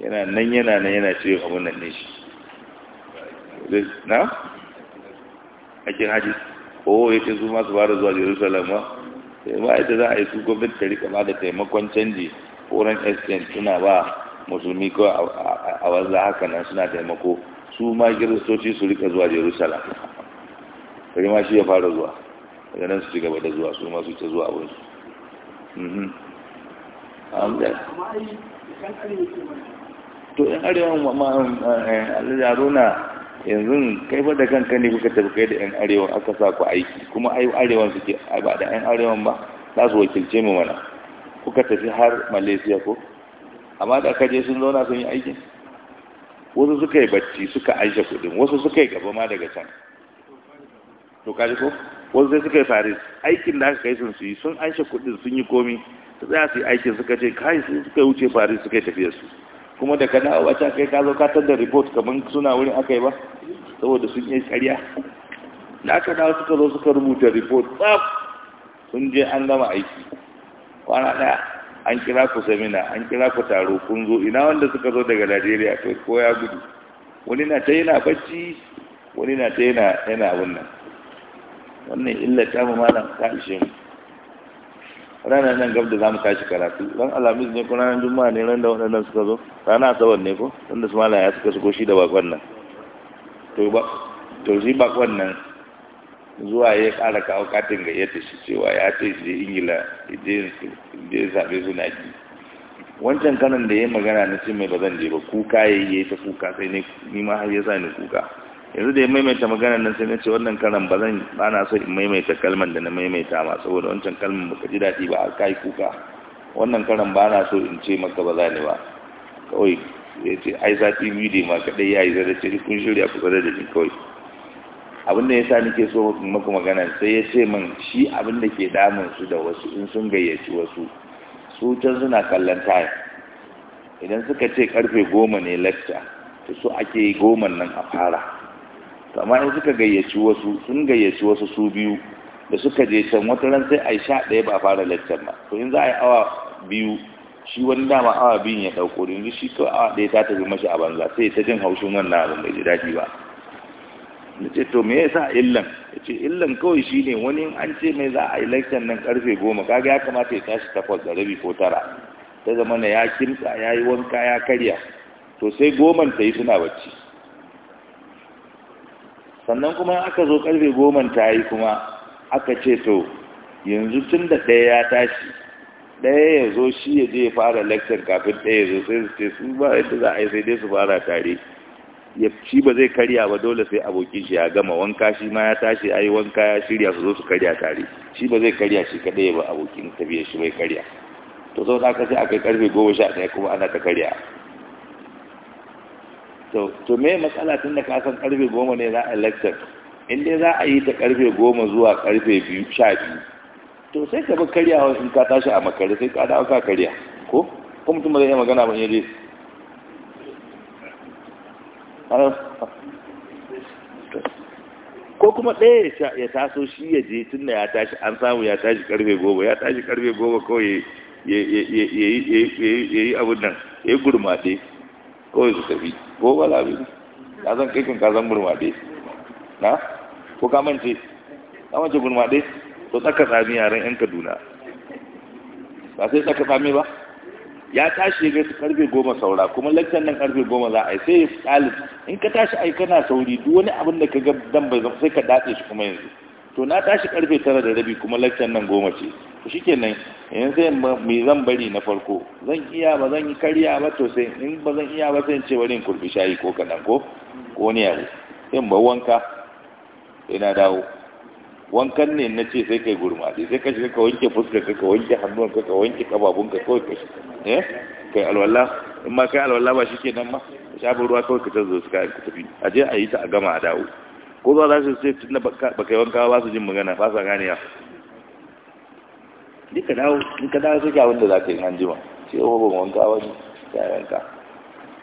yana nan yana nan yana ce abin nan ne shi na ake haji ko oh, ya ce su masu fara zuwa jerusalem eh, ba sai ma ita za a yi su gwamnati ta rika ba da taimakon canji foreign exchange suna ba musulmi ko a wanzu haka nan suna taimako su ma kiristoci su rika zuwa jerusalem sai ma shi ya fara zuwa daga nan su ci gaba da zuwa su ma su ci zuwa su mhm. to yan arewa eh, na yanzu kai ba da kanka ne kuka tafi kai da yan arewa aka sa ku aiki kuma arewa suke ba da yan arewa ba za su wakilce mu mana kuka tafi har malaysia ko amma da aka je sun zauna sun yi aikin wasu suka yi bacci suka aisha kudin wasu suka yi gaba ma daga can to kaji ko wasu sai suka yi faris aikin da aka kai sun su yi sun aisha kudin sun yi komi su tsaya su yi aikin suka ce kai su suka wuce faris suka yi tafiyar su kuma da kana a wata kai ka zo ka tada report kamar suna wurin aka yi ba saboda sun yi karya da aka dawo suka zo suka rubuta report tsaf sun je an gama aiki kwana daya an kira ku samina an kira ku taro kun zo ina wanda suka zo daga najeriya to ko ya gudu wani na ta yana bacci wani na ta yana yana wannan wannan illa ta mu malam ka ishe mu ranar nan gab da za mu tashi karatu ran alhamis ne ko ranar juma'a ne ran da wannan suka zo rana asabar ne ko wanda su malam ya suka shigo shi da bakon nan to ba to shi bakon nan zuwa ya kara kawo katin ga yadda shi cewa ya ce je ingila je zaɓe suna ki wancan kanan da ya magana na ce mai ba zan je ba kuka ya yi ta kuka sai ne ma har ya sa ni kuka yanzu da ya maimaita magana nan sai na ce wannan karan ba zan ba na so in maimaita kalman da na maimaita ma saboda wancan kalman ka ji daɗi ba a kai kuka wannan karan ba na so in ce maka ba za ni ba kawai ya ce ai sati biyu da ma kaɗai ya yi zai da ce kun shirya ku da ni kawai abin da ya sa nake so muku magana sai ya ce min shi abin da ke damun su da wasu in sun gayyaci wasu su can suna kallon time idan suka ce karfe goma ne lecture to su ake yi goman nan a fara to amma in suka gayyaci wasu sun gayyaci wasu su biyu da suka je can wata ran sai a sha ɗaya ba fara lecture ba to in za a yi awa biyu shi wani dama awa biyun ya ɗauko yanzu shi kawai awa ɗaya ta tafi mashi a banza sai ta jin haushin wannan abin bai ji daɗi ba na ce to me yasa illan ya ce illan kawai shi ne wani an ce mai za a election nan karfe goma kaga ya kamata ya tashi takwas da rabi ko tara ta zama na ya kimsa ya yi wanka ya karya to sai goman ta yi suna bacci sannan kuma aka zo karfe goman ta yi kuma aka ce to yanzu tun da ɗaya ya tashi ɗaya ya zo shi ya je ya fara lecture kafin ɗaya ya zo sai su ce su ba yadda za a yi sai dai su fara tare ya shi ba zai karya ba dole sai abokin shi ya gama wanka shi ma ya tashi ayi wanka ya shirya su zo su karya tare shi ba zai karya shi kadai ba abokin tafiyar shi bai karya to sau haka sai akai karfe goma sha ɗaya kuma ana ta karya to me matsala tun da ka san karfe goma ne za a lecture in dai za a yi ta karfe goma zuwa karfe biyu sha biyu to sai ka bi karyawa in ka tashi a makare sai ka dawo ka karya ko kuma mutum ba zai iya magana ba in yaje ko kuma ɗaya ya taso shi ya je tun da ya tashi an samu ya tashi karfe goma ya tashi karfe goma kawai ya yi abin nan ya yi gurmaɗe kawai su tafi ko ba labi ya zan kaifin ka zan gurmaɗe na ko ka mance ka mance gurmaɗe to tsaka sami yaren yan kaduna ba sai tsaka sami ba ya tashi ga su karfe goma saura kuma lakcan nan karfe goma za a yi sai in ka tashi ai kana sauri duk wani abin da ka ga dan bai zama sai ka datse shi kuma yanzu to na tashi karfe tara da rabi kuma lakcan nan goma ce to shikenan yanzu sai mai zan bari na farko zan iya ba zan yi karya ba to sai in ba zan iya ba sai in ce bari kurbi shayi ko kadan ko ko wani yare in ba wanka ina dawo wankan ne na ce sai kai gurma sai ka shiga ka wanke fuska ka ka wanke hannun ka ka wanke kababun ka kawai ka eh kai alwala in ma kai alwala ba shi kenan ma shafin ruwa kawai ka canza su kayan ka tafi a je a yi ta a gama a dawo ko za za su sai tun da ba kai wanka ba su jin magana ba gane ganiya duk ka dawo in ka dawo sai ka wanda za ka yi an jima sai yau ba wanka ba ne ya wanka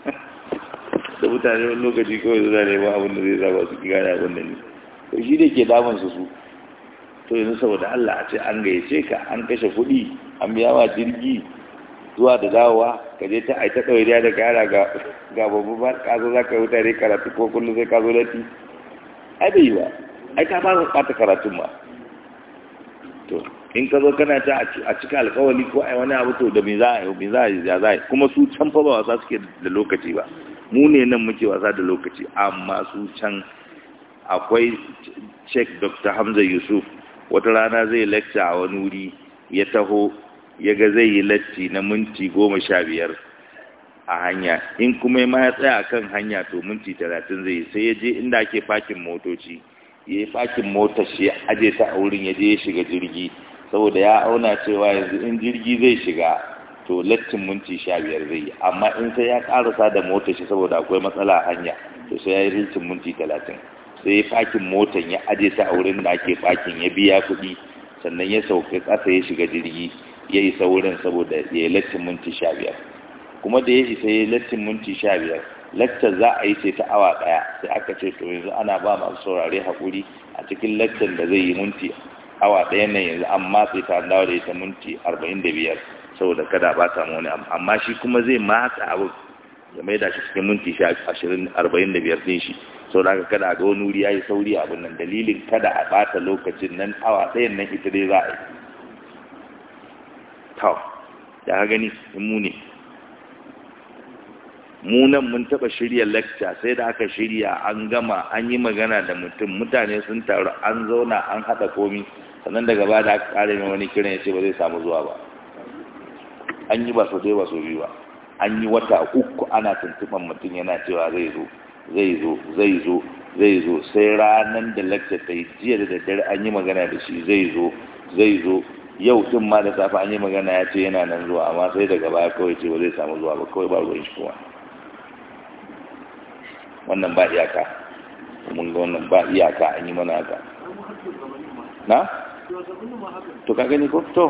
[laughs] da mutane wani lokaci kawai zuwa ne ba abin da zai zaba su ki gane abin da ne shi da ke damansu su to yanzu saboda Allah a ce an gayyace ka an kashe kuɗi an biya wa jirgi zuwa da dawowa ka je ta aita ɗauriya da gara ga ga babu ba ka zo za ka yi wutare karatu ko kullum sai ka zo lati ai bai yi ba ai ka ba ɓata karatun ma to in ka zo kana ta a cika alkawali ko ai wani abu to da me za a yi za a yi za a yi kuma su can fa ba wasa suke da lokaci ba mu ne nan muke wasa da lokaci amma su can akwai check dr hamza yusuf wata rana zai lacca a wani wuri ya taho ya ga zai yi lacci na minti goma sha biyar a hanya in kuma ma ya tsaya kan hanya to minti talatin zai yi sai ya je inda ake fakin motoci ya yi fakin motar shi ya aje ta a wurin ya je ya shiga jirgi saboda ya auna cewa yanzu in jirgi zai shiga to lattin minti sha biyar zai yi amma in sai ya karasa da motar shi saboda akwai matsala a hanya to sai ya yi rintin minti talatin sai ya fakin motan ya aje ta a wurin da ake fakin ya biya kuɗi sannan ya sauka ƙasa ya shiga jirgi ya isa wurin saboda ya yi lattin minti sha biyar kuma da ya isa ya yi lattin minti sha biyar lattar za a yi ce ta awa ɗaya sai aka ce to yanzu ana ba masu saurare haƙuri a cikin lattar da zai yi minti awa ɗaya nan yanzu an matsa ta dawo da ita minti arba'in da biyar saboda kada ba samu wani amma shi kuma zai matsa abu ya maida shi cikin minti ashirin arba'in da biyar ɗin shi sau da kada ga wani wuri ya yi sauri abin nan dalilin kada a bata lokacin nan awa tsayin nan ita dai za a yi da ha gani mu ne mu nan mun taba shirya lecture sai da aka shirya an gama an yi magana da mutum mutane sun taru an zauna an haɗa komi sannan daga ba da aka mai wani kiran ya ce ba zai samu zuwa ba an yi ba sau dai ba sau biyu ba an yi wata uku ana tuntuban mutum yana cewa zai zo zai zo zai zo zai zo sai ranar da lakta ta yi jiya da daddare an yi magana da shi zai zo zai zo yau tun ma da safe an yi magana ya ce yana nan zuwa amma sai daga baya kawai ce ba zai samu zuwa ba kawai ba ruwan shi kuma wannan ba iyaka mun ga wannan ba iyaka an yi mana haka na to ka gani ko to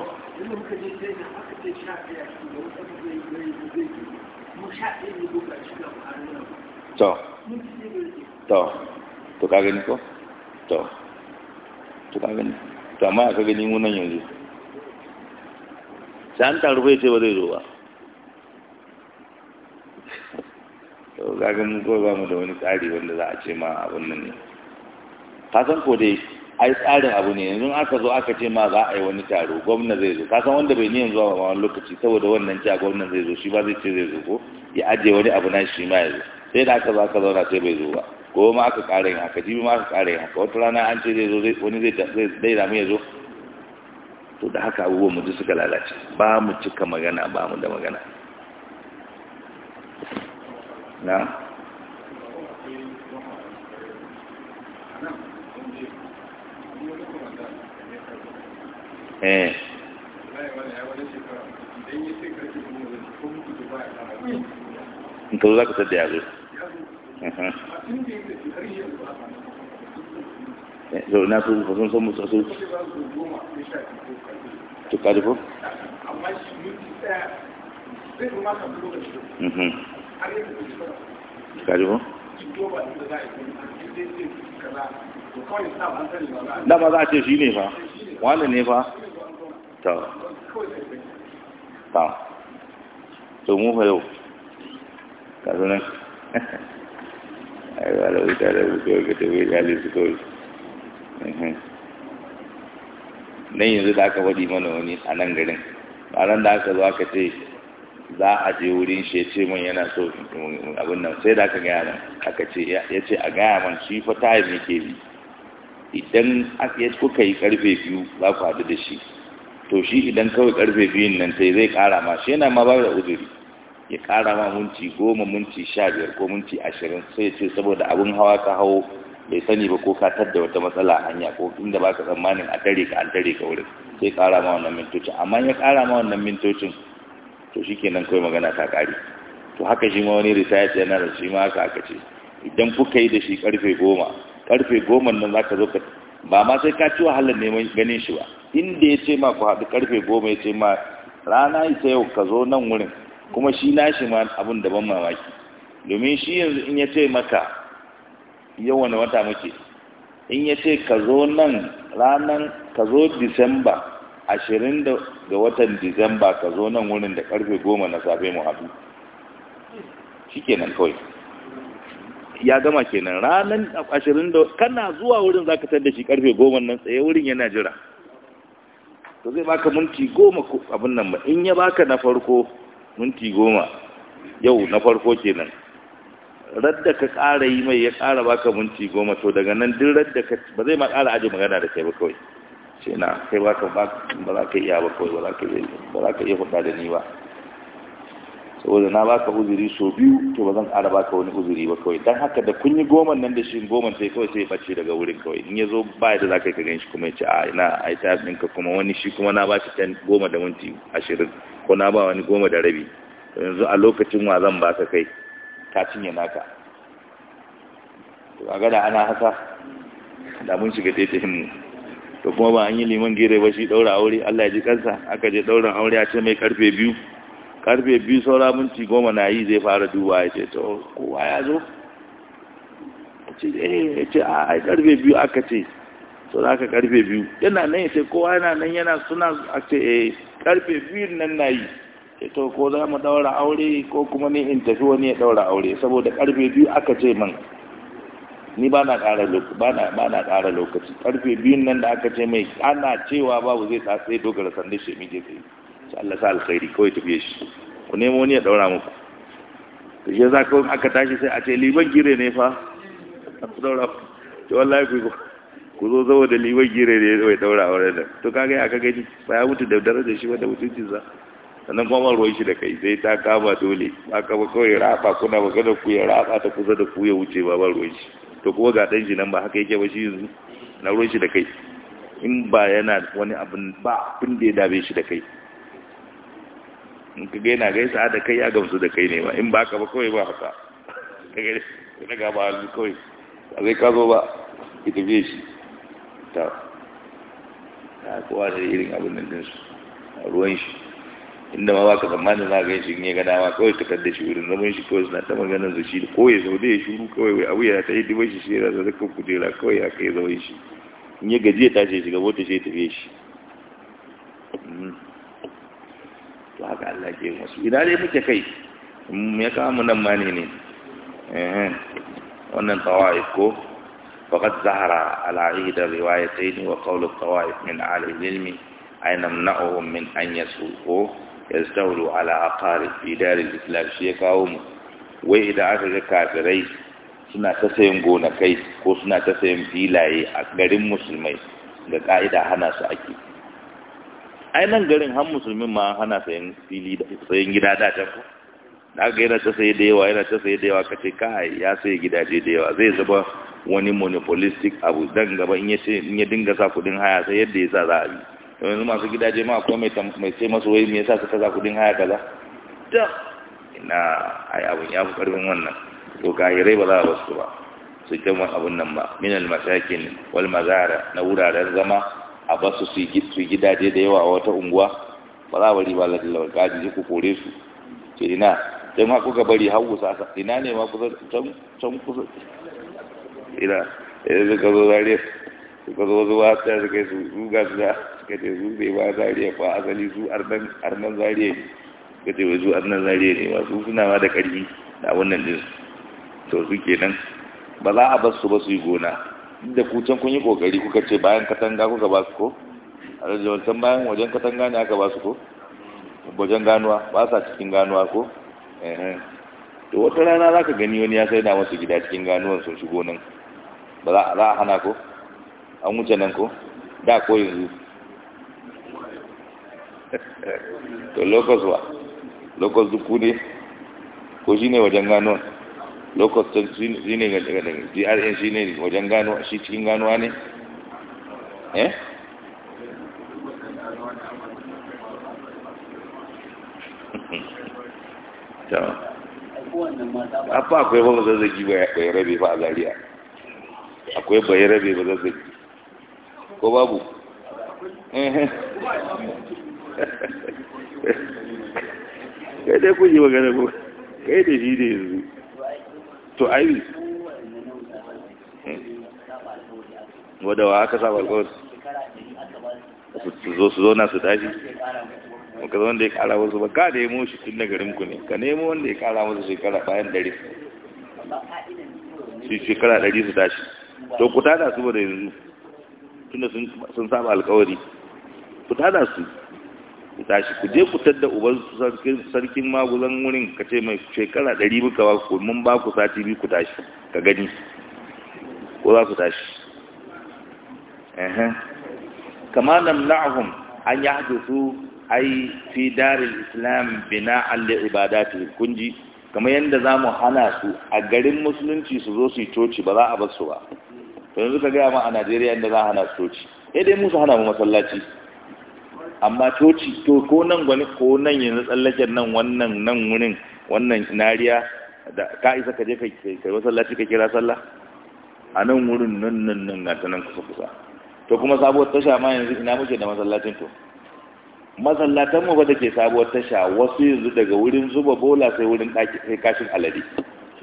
to to to kagin ko to to kagin gani to amma ya ka gani munan yanzu san an taru ce ba zai zo ba to ka ko ba mu da wani tsari wanda za a ce ma abun nan ne ka san ko dai ai tsarin abu ne yanzu aka zo aka ce ma za a yi wani taro gwamna zai zo kasan wanda bai niyan zuwa ba wani lokaci saboda wannan cewa gwamna zai zo shi ba zai ce zai zo ko ya ajiye wani abu na shi ma ya zo sai da aka zaka zauna sai bai zo ba ko ma aka kare haka jibi ma aka kare haka wata rana an ce zai zo wani zai damu ya zo to da haka abubuwan mu suka lalace ba mu cika magana ba mu da magana na eh in za ka sadda eh, so na su sun san musu su to ka dubo mhm. ka dubo za a ce shi ne fa wani ne fa ta ta to mu fa yau kasuna zo nan ai ba da wuta da wuta ka tafi gali su kawai nan yanzu da aka wadi mana wani a nan garin a nan da aka zo aka ce za a je wurin shi ya ce min yana so abin nan sai da aka gaya min aka ce ya ce a gaya man shi fa tayin ke bi idan kuka yi karfe biyu za ku haɗu da shi to shi idan kawai karfe biyun nan sai zai kara ma shi yana ma ba da uzuri ya ƙara ma minti goma minti sha biyar ko minti ashirin sai ya ce saboda abin hawa ka hau bai sani ba ko ka da wata matsala a hanya ko inda ka tsammanin a tare ka an tare ka wurin sai ƙara ma wannan mintocin amma ya ƙara ma wannan mintocin to shi kenan kawai magana ta ƙare to haka shi ma wani ritaya ce yana da shi ma haka aka ce idan kuka yi da shi karfe goma karfe goma nan za ka zo ka ba ma sai ka ci wahalar neman ganin shi ba inda ya ce ma ku haɗu karfe goma ya ce ma rana ita yau ka zo nan wurin kuma shi nashi ma abin da ban mamaki domin shi yanzu in ya ce maka yau wani wata muke in ya ce ka zo nan ranar ka zo disamba ashirin ga watan disamba ka zo nan wurin da karfe goma na safe mu hafi shi kenan kawai ya gama kenan ranar ashirin da kana zuwa wurin za ka tar da shi karfe goma nan tsaye wurin yana jira to zai baka minti goma abin nan ba in ya baka na farko minti goma yau na farko kenan radda ka ƙara yi mai ya ƙara baka minti goma to daga nan duk radda ka ba zai ma ƙara aji magana da kai ba kawai sai na kai baka ba za ka iya ba kawai ba za ka iya faɗa da ni ba saboda na baka uzuri so biyu to ba zan ƙara baka wani uzuri ba kawai dan haka da kun yi goma nan da shi goma sai kawai sai bace daga wurin kawai in yazo zo ba da za ka gan shi kuma ya ce a ina a ita ɗinka kuma wani shi kuma na ba shi ten goma da minti ashirin ko na ba wani goma da rabi to yanzu a lokacin wa zan baka kai ka cinye naka to a gada ana haka da mun shiga ta mu to kuma ba an yi liman gere ba shi ɗaura aure Allah ya ji kansa aka je ɗaura aure a ce mai karfe biyu karfe biyu saura minti goma na yi zai fara duba ya ce to kowa ya zo ya ce eh, a ai karfe biyu aka ce sau da aka karfe biyu yana nan ya ce kowa yana nan yana suna a ce eh karfe biyu nan na yi ya to ko za mu daura aure ko kuma ne in tafi wani ya daura aure saboda karfe biyu aka ce man ni ba na ƙara lokaci ba na ƙara lokaci karfe biyun nan da aka ce mai ana cewa babu zai tsatsaye dogara sanda shi mi je Allah sa alkhairi kawai tafiye shi ku nemo ni ya daura muku to shi yasa kawai aka tashi sai a ce liban gire ne fa ku daura to wallahi ku ku zo zo da liban gire ne bai daura aure da to kaga ya kaga ji ba ya mutu da darajar shi da mutuncin sa sannan kuma ruwan shi da kai sai ta kama dole ba ka ba kawai rafa kuna magana ku ya rafa ta kusa da ku ya wuce ba ba ruwan shi to kuma ga ɗan nan ba haka yake ba shi yanzu na ruwan shi da kai in ba yana wani abin ba abin da ya dabe shi da kai in ka gaina gaisa da kai ya gamsu da kai ne ba in ba ka ba kawai ba haka ka ga ba hannu kawai a zai ka zo ba ki tafiye shi ta ta kowa da irin abin da dinsu a ruwan shi inda ma ka tsammanin za ka shi ne ya gada ma kawai ta kadda shi wurin zaman shi kawai suna ta maganar da shi ko ya sau da ya shuru kawai wai abu ya ta yi dubai shi shi ya zaka dukkan kujera kawai ya kai zaman shi in ya gaji ya tashi shi gabo ta shi ya tafiye shi hmm. to haka Allah ke musu idan dai muke kai ya kama mu nan mani ne eh, wannan tawaif ko faqad zahara ala ida riwayatayn wa qawl at-tawaif min ala ilmi aina mna'uhum min an yasuqu yastawlu ala aqarib fi dar al-islam shi ya kawo mu wai idan aka ga kafirai suna ta sayan gonakai ko suna ta sayan filaye a garin musulmai ga ka'ida hana su ake ai nan garin har musulmin ma hana sayan fili sayan gida da ta ku da ga yana ta sayi da yawa yana ta sayi da yawa kace kai ya saye gidaje da yawa zai zaba wani monopolistic abu dan gaba in yace in ya dinga sa kudin haya sai yadda yasa za a yi yanzu masu gidaje ma akwai mai mai sai masu wai me yasa suka sa kudin haya kaza da ina ai abun ya fi karfin wannan to kahirai ba za a basu ba su kyanwa abun nan ba minal masakin wal mazara na wuraren zama a ba su su gidaje da yawa a wata unguwa ba za a bari ba lalata gaji ku kore su ce ina sai ma kuka bari hagu sa? ina ne ma kusa can kusa ina idan eh, suka zo zariya suka zo zuwa ta kai su zuga su da suka ce su zai ba zariya ba asali su arnan zariya ne suka ce wai su arnan zariya ne su suna ma da ƙarfi da wannan din to su kenan ba za a bar su ba su yi gona da ku can kun yi kokari kuka ce bayan katanga kuka ba su ko a rajawaltan bayan wajen katanga ne aka ba su ko wajen ganuwa ba sa cikin ganuwa ko to wata rana za ka gani wani ya sai da masu gida cikin ganuwan sun shigo nan ba za a hana ko an wuce nan ko da ko yanzu [laughs] to lokos wa lokos duku ne ko shi ne wajen ganuwan low shi ne ga drn shi ne wajen gano shi cikin ganuwa ne eh [laughs] afa akwai ba zazzagi ba ya rabe ba a zariya akwai bai rabe ba zazzagi ko babu eh. [laughs] kai dai kun yi magana ko kai da shi da to ai wadda wa aka saba alkawar su zo su na su tashi ka zo wanda ya kara wasu ba ka da ya moshi tun da garin ku ne ka nemo wanda ya kara wasu shekara bayan dare su shekara dare su tashi to ku tada su ba da yanzu tunda sun saba alkawari ku tada su ku tashi ku je ku tadda uban sarkin maguzan wurin ka ce mai shekara ɗari muka ba ku mun ba ku sati biyu ku tashi ka gani ko za ku tashi kama na'ahun an ya su ai fi darin islam bina alli ibadati kunji kamar yadda za mu hana su a garin musulunci su zo su yi coci ba za a bar su ba to yanzu ka gaya ma a najeriya yadda za a hana su coci eh dai musu hana mu masallaci amma coci to ko nan gwani ko nan yanzu tsallaken nan wannan nan wurin wannan nariya da ka isa ka je ka kai masallaci ka kira sallah a nan wurin nan nan nan na ta nan kusa kusa to kuma sabuwar tasha ma yanzu ina muke da masallacin to masallatan mu ba ke sabuwar tasha wasu yanzu daga wurin zuba bola sai wurin daki sai kashin alade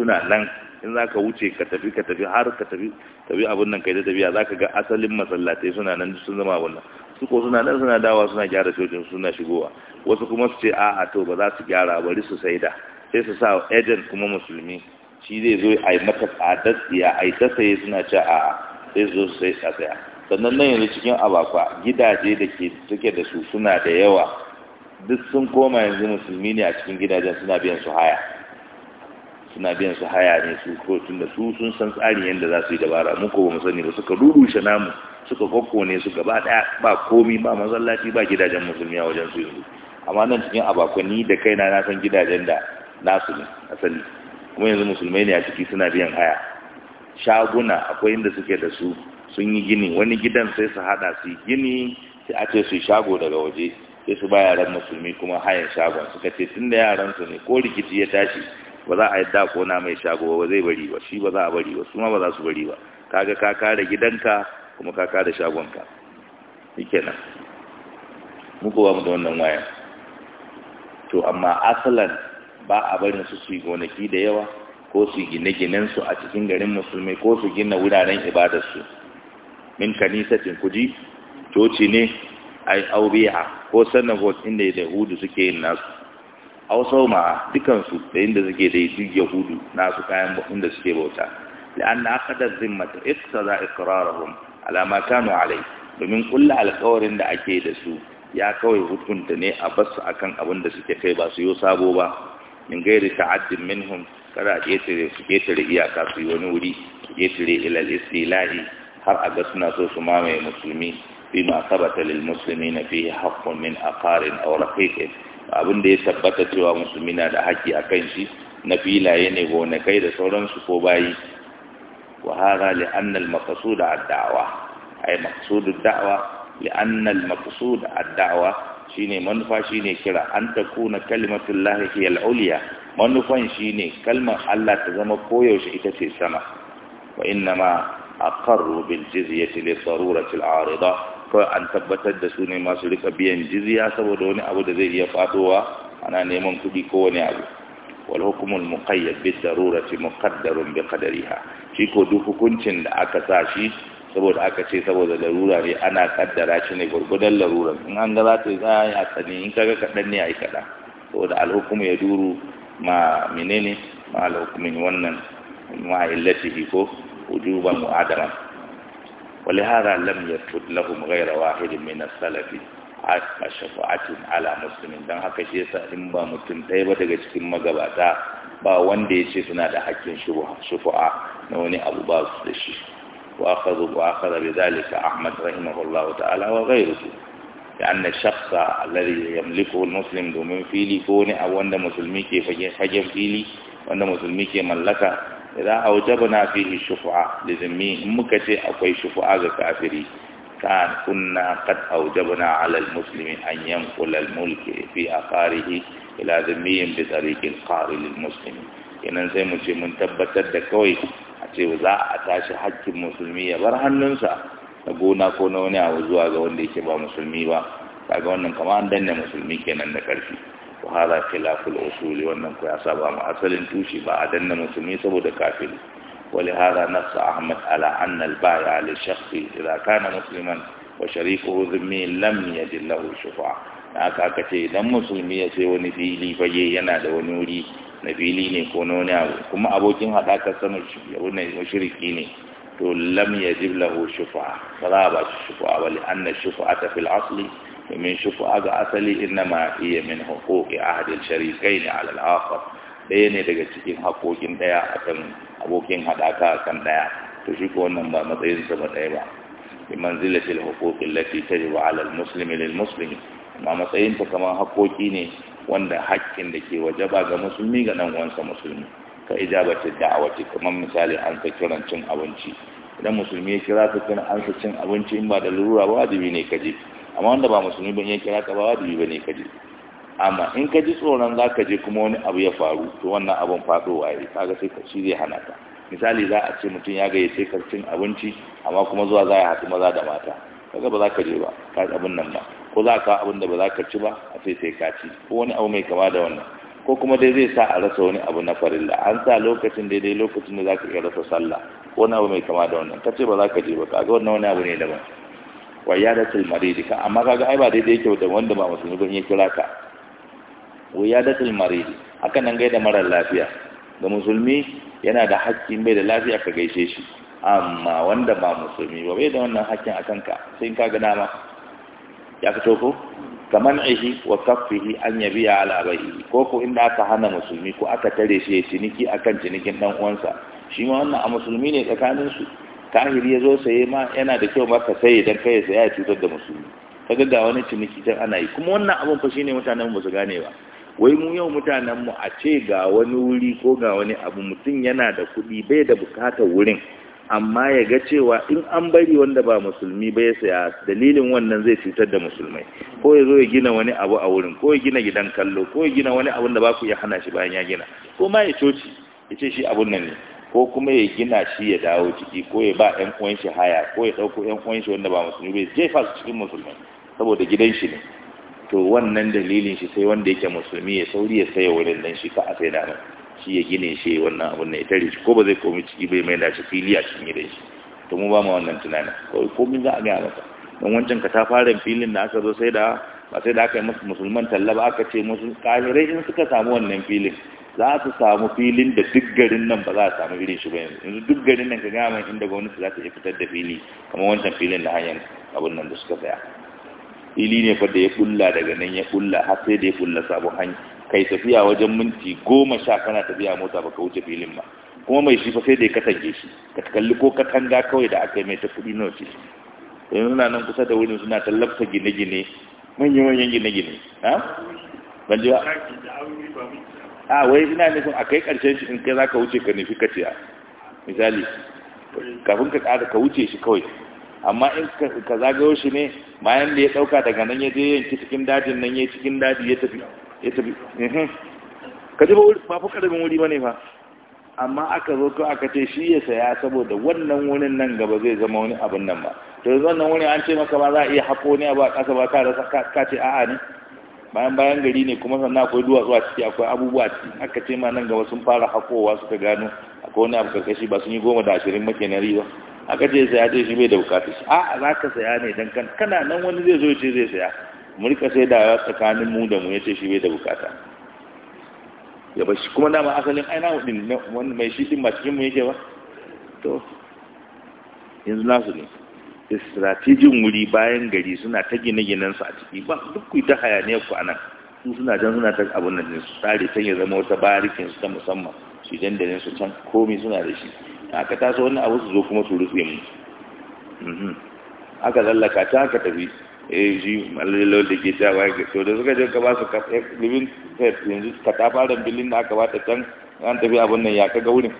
suna nan in za ka wuce ka tafi ka tafi har ka tafi tafi abin nan kai da tafiya za ka ga asalin masallatai suna nan sun zama wannan su ko suna nan suna dawa suna gyara sojin suna shigowa wasu kuma su ce a'a to ba za su gyara bari su da sai su sa agent kuma musulmi shi zai zo a yi maka tsadar a yi ta suna ce a'a sai su zo su sai a sannan nan yanzu cikin abakwa gidaje da ke suke da su suna da yawa duk sun koma yanzu musulmi ne a cikin gidajen suna biyan su haya suna biyan su haya ne su ko tun da su sun san tsarin yadda za su yi dabara mu ko ba mu sani ba suka rurushe namu suka ne su gaba daya ba komi ba masallaci ba gidajen musulmi a wajen su yanzu amma nan cikin abakwani da kaina na san gidajen da nasu ne asali kuma yanzu musulmai ne a ciki suna biyan haya shaguna akwai inda suke da su sun yi gini wani gidan sai su hada su gini sai a ce su yi shago daga waje sai su ba yaran musulmi kuma hayan shagon suka ce tun da yaran su ne ko rikici ya tashi ba za a yadda ko na mai shago ba zai bari ba shi ba za a bari ba su ma ba za su bari ba kaga ka kare gidanka kuma ka kada shagonka yake nan muku ba mu da wannan waya. to amma asalan ba a barin su su gonaki da yawa ko su gine su a cikin garin musulmi ko su gina wuraren ibadarsu min kanisatin kuji coci ne ai aubiya ko synagogue inda yahudu suke yin nasu wasu ma dukansu da inda suke da yahudu nasu kayan inda suke bauta لأن أخذ الذمة اقتضى إقرارهم على ما كانوا عليه domin kulla alkawarin da ake da su ya kawai hukunta ne a basu akan abin da suke kai ba su yi sabo ba min gairi ta'addin minhum kada a ketare su ketare iyaka su yi wani wuri su ketare ilal istilahi har a ga suna so su mamaye musulmi fi ma sabata lil muslimina fihi haqqun min aqarin aw raqiqin abin da ya tabbata cewa musulmi na da haƙƙi akan shi na filaye ne gonakai da sauransu ko bayi وهذا لأن المقصود الدعوة أي مقصود الدعوة shine manufa shine kira an takuna kalimatullahi hiya al-ulya manufan shine kalmar Allah ta zama koyaushe ita ce sama wa innama aqarru bil jizyati li darurati al-arida ko an tabbatar da su ne masu rika biyan jizya saboda wani abu da zai iya fadowa ana neman kuɗi ko wani abu wal hukumul muqayyad bi darurati muqaddarun bi qadariha shi ko duk hukuncin da aka sa shi saboda aka ce saboda larura ne ana kaddara shi ne gurgudan larura in an ga za ta yi za a yi tsani in kaga kaɗan ne a yi kaɗa saboda alhukumu ya duru ma menene ma alhukumin wannan ma illatihi ko wujuban mu'adaman ولهذا لم يثبت لهم غير واحد من salafi. shafa'atun ala muslimin don haka shi yasa in ba mutum ɗaya ba daga cikin magabata ba wanda ya ce suna da hakkin shufa'a na wani abu ba su da shi wa akhadhu wa akhadha bi zalika ahmad rahimahullahu ta'ala wa ghayruhu لأن الشخص الذي يملكه المسلم دومين فيلي كوني أو أن مسلمي كيف يحجم فيلي وأن مسلمي كي ملكا إذا أوجبنا فيه الشفعة لزمي مكتي أو شفعة كافري كان كنا قد أوجبنا على المسلم أن ينقل الملك في أقاره إلى ذميم بطريق القار للمسلم إن أنسي مسلم تبا تد كوي أتي وزاء حج المسلمية برهن ننسى نقونا كونوني أوزوا أقول لي كبا مسلمي با فأقول أنك ما مسلمي كنا نكرفي وهذا خلاف الأصول وأنك يا سبا ما أصل توشي با عدنا مسلمي سبو دكافل ولهذا نص أحمد على أن البائع للشخص إذا كان مسلما وشريكه ذمي لم يجد له الشفاعة haka aka ce idan musulmi ya sai wani fili fage yana da wani wuri na fili ne ko na wani abu kuma abokin haɗakar sama shiriki ne to lam ya lahu shufa ba za a ba shi shufa ba li anna shufa ta fil asli domin shufa ga asali inna ma iya min hukuki ahadin sharikai ne alal akhar ɗaya ne daga cikin haƙoƙin ɗaya a kan abokin haɗaka a kan ɗaya to shi ko wannan ba matsayinsa ba ɗaya ba bi manzilatil haƙoƙin lati tajibu ala muslimi lil muslimi amma ta kamar haƙoƙi ne wanda haƙƙin da ke waje ba ga musulmi ga nan wansa musulmi ka ijabatar da'awati kamar misali an ka kiran cin abinci idan musulmi ya kira ka kana an cin abinci in ba da lura ba wajibi ne kaje amma wanda ba musulmi ban ya kira ka ba wajibi bane kaje amma in ka ji tsoron za ka je kuma wani abu ya faru to wannan abun faɗowa ya kaga sai ka shi zai hana ka misali za a ce mutum ya gayyace ka cin abinci amma kuma zuwa za ya haɗu maza da mata kaga ba za ka je ba ka abin nan ba ko za ka abin da ba za ka ci ba a ce sai ka ci ko wani abu mai kama da wannan ko kuma dai zai sa a rasa wani abu na farilla an sa lokacin daidai lokacin da za ka iya rasa sallah ko wani abu mai kama da wannan ka ce ba za ka je ba kaga wannan wani abu ne daban wa ya da ka amma kaga ai ba daidai yake da wanda ba musulmi ba ya kira ka wiyadatul marid haka nan gaida mara lafiya Da musulmi yana da haƙƙin bai da lafiya ka gaishe shi amma wanda ba musulmi ba bai da wannan haƙƙin a kanka sai ka ga dama ya fito ko kaman ihi wa kaffihi an yabi ala bai ko ko inda aka hana musulmi ko aka tare shi ciniki akan cinikin dan uwansa shi ma wannan a musulmi ne tsakanin su kahiri yazo saye ma yana da kyau ba ka saye dan kai saya ya cutar da musulmi kaga ga wani ciniki dan ana yi kuma wannan abun fa shine mutanen ba su gane ba wai mu yau mutanen mu a ce ga wani wuri ko ga wani abu mutum yana da kuɗi bai da bukatar wurin amma ya ga cewa in an bari wanda ba musulmi ba ya saya dalilin wannan zai cutar da musulmai ko ya zo ya gina wani abu a wurin ko ya gina gidan kallo ko ya gina wani abu da ba ku iya hana shi bayan ya gina ko ma ya coci ya ce shi abun nan ne ko kuma ya gina shi ya dawo ciki ko ya ba 'yan uwan shi haya ko ya dauko 'yan uwan shi wanda ba musulmi ba jefa su cikin musulmai saboda gidan shi ne to wannan dalilin shi sai wanda yake musulmi ya sauri ya saya wurin nan shi ka a sai da nan shi ya gine shi wannan abun ne tare shi ko ba zai komi ciki bai mai da shi fili a cikin gidan shi to mu ba mu wannan tunanin kawai komi za a gaya masa don wancan ka ta fara filin da aka zo sai da ba sai da aka yi musulman talla ba aka ce musu kafirai in suka samu wannan filin za su samu filin da duk garin nan ba za a samu irin shi ba yanzu yanzu duk garin nan ka gaya min inda gwamnati za ta iya fitar da fili kamar wancan filin da hanyar abun nan da suka saya fili ne fa da ya kulla daga nan ya kulla har sai da ya kulla sabon hanya kai tafiya wajen minti goma sha kana tafiya mota baka wuce filin ba kuma mai shi fa sai da ya katange shi ka kalli ko katanga kawai da aka yi mai ta kuɗi nawa ce yanzu suna nan kusa da wurin suna tallafta gine-gine manyan manyan gine-gine ha ban ji ba a wai ina nufin a kai ƙarshen shi in kai za ka wuce ka nufi kaciya misali kafin ka ƙara ka wuce shi kawai amma in ka zagayo shi ne bayan da ya dauka daga nan ya je yanki cikin dajin nan ya cikin daji ya tafi ya tafi ka ji ba fuka karamin wuri bane fa amma aka zo ko aka ce shi ya saya saboda wannan wurin nan gaba zai zama wani abin nan ba to yanzu wannan wurin an ce maka ba za a iya hako ne ba kasa ba ka rasa ka ce a'a ne bayan bayan gari ne kuma sannan akwai duwatsu a ciki akwai abubuwa a ciki aka ce ma nan gaba sun fara hakowa suka gano akwai wani abu karkashi ba sun yi goma da ashirin makenari ba aka sai saya ce shi bai da bukatar shi a za ka saya ne dan kan kana nan wani zai zo ce zai saya mu rika sai da tsakanin mu da mu ya ce shi bai da bukata ya ba shi kuma dama asalin aina din wani mai shi din ba cikin mu yake ba to yanzu nasu ne strategic wuri bayan gari suna ta gine-ginen su a ciki ba duk ku ta hayaniyar ku anan su suna can suna ta abun nan su tsare can ya zama wata barikin su ta musamman su dandanin su can komai suna da shi aka taso wani abu su zo kuma su rufe mu mhm. aka lallaka ta aka tafi eh ji malalo da ke ta waya to da suka je ka ba su ka eh, living set eh, yanzu ka ta fara bilin da aka ba ta can an tafi abin nan ya ka ga wurin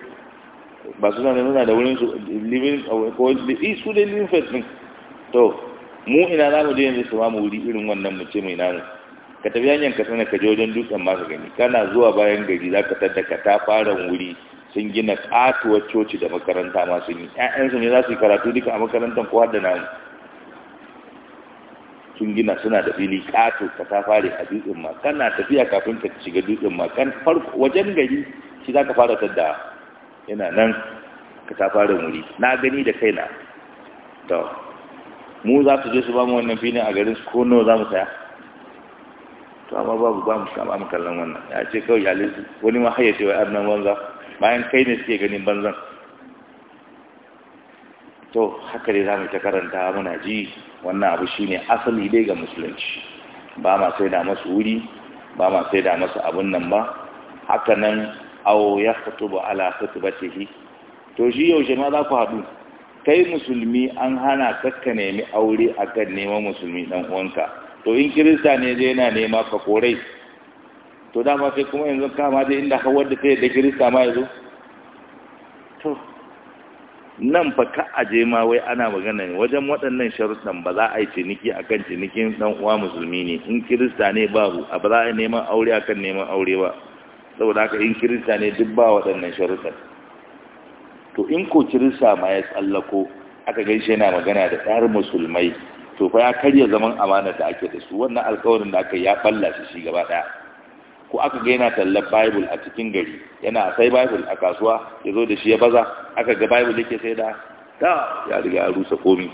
ba su da nuna da wurin su living oh, ko su da living set din to mu ina za mu je yanzu su ma mu wuri irin wannan mu ce mai namu ka tafi hanyar ka sanar ka je wajen dutsen masu gani kana zuwa bayan gari za ka tadda ka ta fara wuri sun gina katuwar coci da makaranta masu yi ‘ya’yansu ne za su yi karatu duka a makarantar ko har da namu sun gina suna da fili kato ka ta fara a dutsen ma kana tafiya kafin ka shiga dutsen ma farko wajen gari shi za ka fara tadda yana nan ka ta fara muri na gani da kaina to mu za su je su ba mu wannan filin a garin su ko nawa za mu saya to amma babu ba mu kama mu kallon wannan ya ce kawai ya lissu wani ma hayyace wai annan wanza bayan kai ne suke ganin banzan to haka dai za mu ta karanta muna ji wannan abu shine asali dai ga musulunci ba ma sai da masu wuri ba ma sai da masu abun nan ba haka nan awo ya ba ala ce to shi yaushe ma za ku haɗu kai musulmi an hana kakka nemi aure akan neman musulmi dan uwanka to in kirista ne zai yana nema ka korai to dama sai kuma yanzu kama dai inda hawar da ta yadda kirista ma yanzu. to nan fa ka aje ma wai ana magana ne wajen waɗannan sharuɗan ba za a yi ciniki a kan cinikin ɗan uwa musulmi ne in kirista ne babu a ba za a neman aure a kan neman aure ba saboda haka in kirista ne duk ba waɗannan sharuɗan to in ko kirista ma ya tsallako aka gaishe yana magana da ɗar musulmai to fa ya karya zaman amana da ake da su wannan alkawarin da aka ya balla shi shi gaba ɗaya ko aka ga yana tallar bible a cikin gari yana sai bible a kasuwa ya zo da shi ya baza aka ga bible yake sai da da ya riga ya rusa komi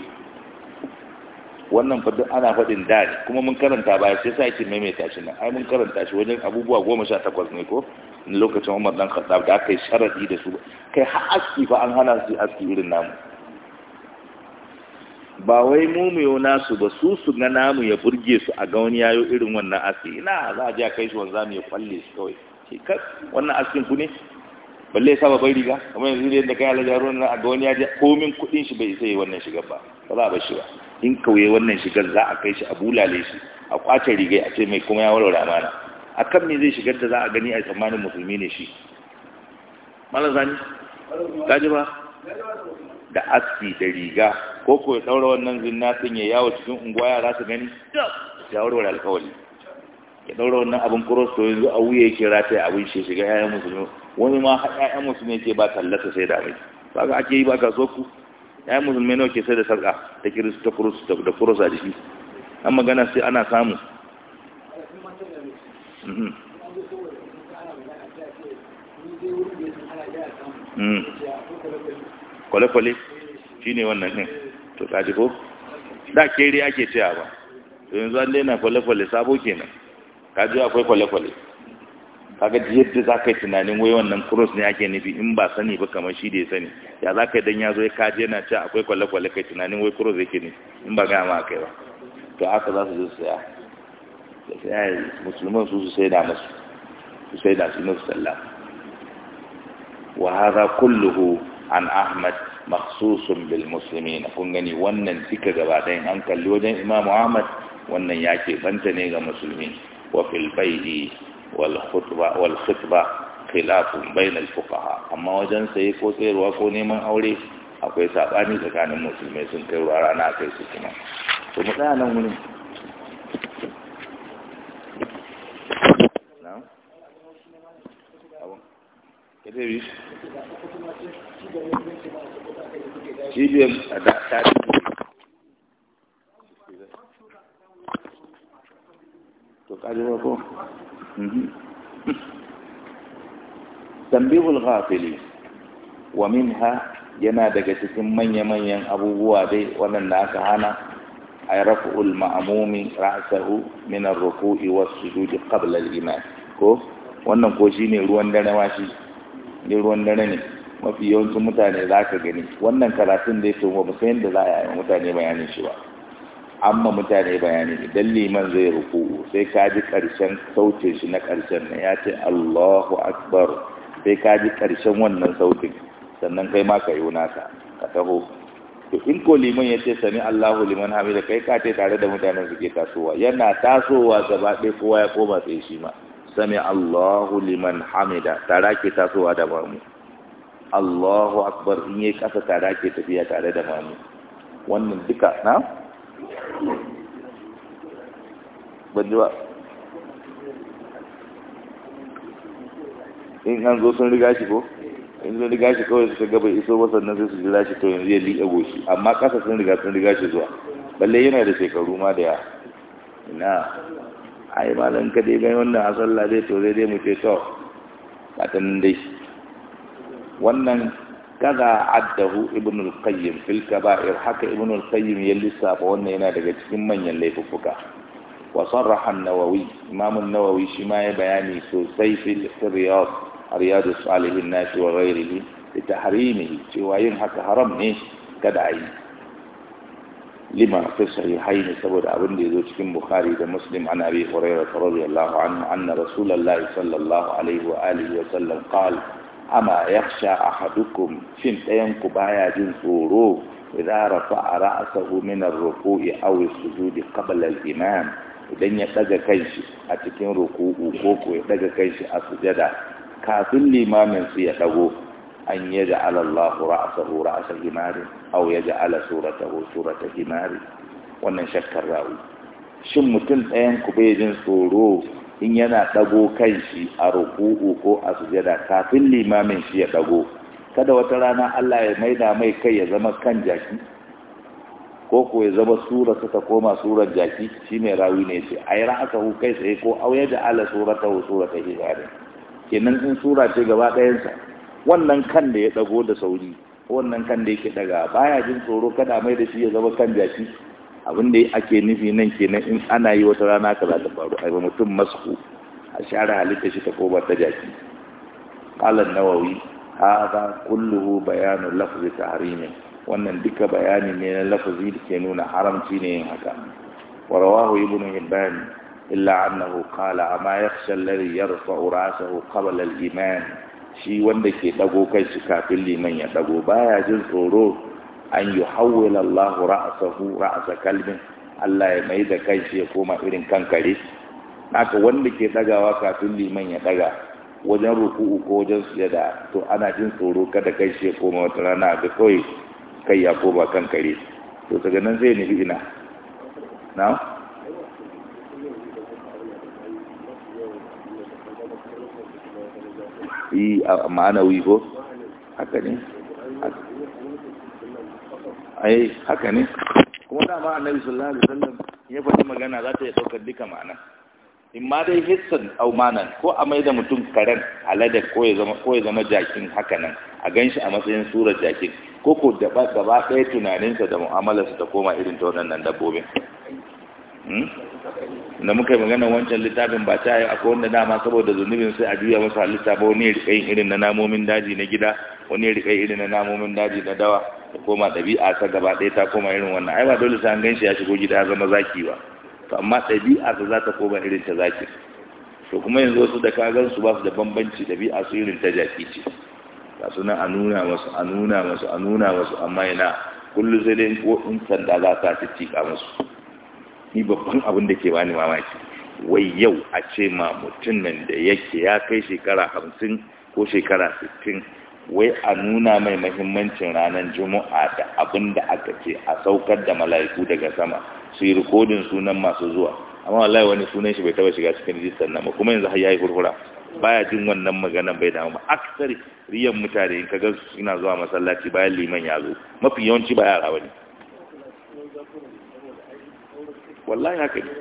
wannan fadin ana fadin da kuma mun karanta baya sai sa yake maimaita shi ai mun karanta shi wajen abubuwa goma sha takwas ne ko lokacin umar dan khattab da aka yi sharadi da su kai har aski fa an hana su aski irin namu ba wai mu mu nasu ba su su ga namu ya burge su a ga wani yayo irin wannan aski ina za a je a kai shi wanzami ya kwalle shi kawai shi kas wannan askin ku ne balle ya saba bai riga kamar yanzu da yadda kai alajar ruwan a ga wani ya je komin kuɗin shi bai isa yi wannan shigar ba ba za a bar shi ba in kauye wannan shigar za a kai shi a bulale shi a kwace rigai a ce mai kuma ya warware amana a kan me zai shigar da za a gani a tsammanin musulmi ne shi malam zani kaji ba da aski da riga Koko ya daura wannan zinnatin ya yawo cikin unguwa yara su gani ya warware alkawali ya daura wannan abin kuros to yanzu a wuya yake rataya abin shi shiga ƴaƴan musulmi wani ma har ƴaƴan musulmi yake ba tallata sai da mai kaga ake yi ba kasuwar ku ƴaƴan musulmi nawa ke sai da sarƙa ta kiris ta kuros da kuros a jiki an magana sai ana samu mm-hmm. mm. kwale-kwale shi ne wannan ɗin to kaji ko da kere ake cewa ba to yanzu an daina kwale-kwale sabo kenan kaji akwai kwale-kwale kaga yadda za ka yi tunanin wai wannan cross ne ake nufi in ba sani ba kamar shi da ya sani ya za ka yi don ya zo ya kaji yana cewa akwai kwale-kwale kai tunanin wai cross yake ne in ba gaya ma kai ba to haka za su je su saya da musulman su su sai da musu su sai da su sallah wa hadha kulluhu an ahmad maksusun bil na kun gani wannan duka gaba ɗayan an kalli wajen imamu ahmad wannan ya ke banta ne ga musulmi wa fil bai'i wal khutba wal khutba khilafun fuqaha amma wajen saye ko sayarwa ko neman aure akwai sabani tsakanin musulmai sun kai rana kai su kuma to mutanen wurin kadebi cibiyar da ta to ko mhm. tambihul ghafili wa minha yana daga cikin manya-manyan abubuwa dai wannan da aka hana ay raf'ul ma'mumi ra'sahu min ar-ruku'i was-sujudi qabla al iman, ko wannan ko shine ruwan dare ma shi ne ruwan dare ne mafi yawancin mutane za ka gani wannan karatun da ya tomo ba sayan da za a yi mutane bayanin shi ba amma mutane bayani idan liman zai ruku sai ka ji ƙarshen sautin shi na ƙarshen na ya ce Allahu Akbar sai ka ji ƙarshen wannan sautin sannan kai ma ka yi naka ka taho to in ko liman ya ce sami Allahu liman hamida kai ka ce tare da mutanen suke tasowa yana tasowa gaba ɗaya kowa ya koma sai shi ma sami Allahu liman hamida tara ke tasowa da mamu Allahu akbar in yi kasa tara ke tafiya tare da mamu wannan duka na? ba? in an zo sun riga shi ko? in sun riga shi kawai ta gaba iso ba sannan sai su jira shi to yanzu ya liƙa goshi amma kasa sun riga sun riga shi zuwa balle yana da shekaru ma da ya na ai malam ka dai gani wannan a sallah dai to dai mu ce to dai wannan kaza addahu ibn al-qayyim fil kaba'ir haka ibn al-qayyim ya lissafa wannan yana daga cikin manyan laifuffuka wa sarraha an-nawawi imam an-nawawi shi ma ya bayani sosai fil riyad riyad as-salihin nashi wa ghairihi bi tahrimihi cewa yin haka haram ne kada a yi lima fi sahihaini saboda abin da ya zo cikin bukhari da muslim an abi hurairah radiyallahu anhu anna rasulullahi sallallahu alaihi wa alihi wa sallam qala ama yakhsha ahadukum shin ɗayan ku baya jin tsoro idza rafa ra'sahu min ar-ruku'i aw as-sujudi qabla al-imam idan ya daga kanshi a cikin ruku'u ko ko ya daga kanshi a sujada kafin limamin su ya dago أن يجعل الله رأسه رأس da أو يجعل سورته سورة حمار wannan shakkar ra'u. shin mutum ɗayan ku bai jin tsoro in yana ɗago kan shi a ruku'u ko a sujada kafin limamin shi ya ɗago kada wata rana Allah ya maida mai kai ya zama kan jaki ko ko ya zama surar ta koma surar jaki shi mai rawi ne ce ai ra'aka hu kai tsaye ko auya da ala surata hu surata hijarin kenan in sura ce gaba ɗayansa wannan kan da ya dago da sauri wannan kan da yake daga baya jin tsoro kada mai da shi ya zama kan jaki abin da ake nufi nan kenan in ana yi wata rana kaza ta faru ai mutum masku a share halitta shi ta koba ta jaki kalan nawawi hadha kulluhu bayanu lafzi tahrim wannan duka bayani ne na lafzi da ke nuna haramci ne yin haka wa rawahu ibnu hibban illa annahu qala amma yakhsha alladhi yarfa'u ra'sahu qabla al-iman shi wanda ke dago kai shi kafin liman ya dago baya jin tsoro an yi hawwila Allah ra'asahu ra'asa kalbin Allah ya mai da kai shi ya koma irin kankare haka wanda ke dagawa kafin liman ya daga wajen ruku'u ko wajen sujada to ana jin tsoro kada kai shi ya koma wata rana ga kawai kai ya koma kankare to daga nan zai nufi ina na'am yi a ma'ana ko haka ne ai haka ne kuma dama annabi sallallahu alaihi wasallam ya faɗi magana za ta yi ɗaukar duka ma'ana in ma dai hissan au manan ko a maida mutum karen alada ko ya zama ko ya zama jakin haka nan a ganshi a matsayin surar jakin ko ko daba gaba ɗaya tunaninsa da mu'amalarsa ta koma irin ta waɗannan dabbobin hmm? da muka yi magana wancan littafin ba ta yi akwai wanda dama saboda zunubin sai a juya masu halitta ba wani rika irin na namomin daji na gida wani rika irin na namomin daji na dawa da koma ɗabi'a ta gaba ɗaya ta koma irin wannan ai ba dole sai an shi ya shigo gida ya zama zaki ba to amma ɗabi'a ta za ta koma irin ta zaki to kuma yanzu wasu da ka gan su ba su da bambanci ɗabi'a su irin ta jaki ce ga su nan a nuna masu a nuna masu a nuna masu amma yana kullum sai dai in sanda za ta ci cika musu ni babban abin da ke bani mamaki wai yau a ce ma mutum nan da yake ya kai shekara hamsin ko shekara sittin wai a nuna mai mahimmancin ranar juma'a da abin da aka ce a saukar da mala'iku daga sama su yi rikodin sunan masu zuwa amma wallahi wani sunan shi bai taba shiga cikin rijistar nan ba kuma yanzu har yayi hurhura baya jin wannan maganar bai damu aksar riyan mutane in ga suna zuwa masallaci bayan liman ya zo mafi yawanci ba yara bane wallahi haka ne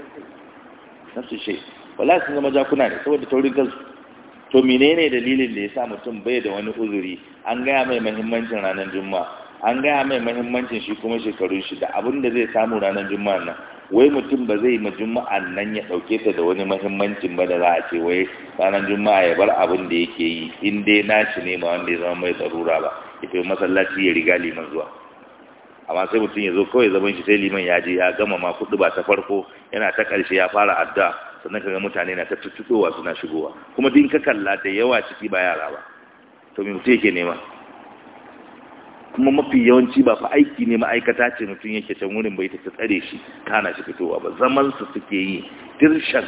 nasu shi wallahi sun zama jakuna ne saboda taurin kansu to menene dalilin da ya sa mutum bai da wani uzuri an gaya mai mahimmancin ranar juma'a an gaya mai mahimmancin shi kuma shekarun shi da abin da zai samu ranar juma'a nan wai mutum ba zai ma juma'a nan ya ɗauke ta da wani mahimmancin ba da za a ce wai ranar juma'a ya bar abin da yake yi in dai nashi ne ma wanda ya zama mai tsarura ba ya fi masallaci ya riga liman zuwa amma sai mutum ya zo kawai zaman shi sai liman ya je ya gama ma kudu ba ta farko yana ta ƙarshe ya fara adda sannan kaga mutane na ta tuttuɗowa suna shigowa kuma din ka kalla da yawa ciki ba yara ba to me mutum yake nema kuma mafi yawanci ba fa aiki ne ma'aikata ce mutum yake can wurin bai ta tsare shi kana shi fitowa ba zaman su suke yi dirshan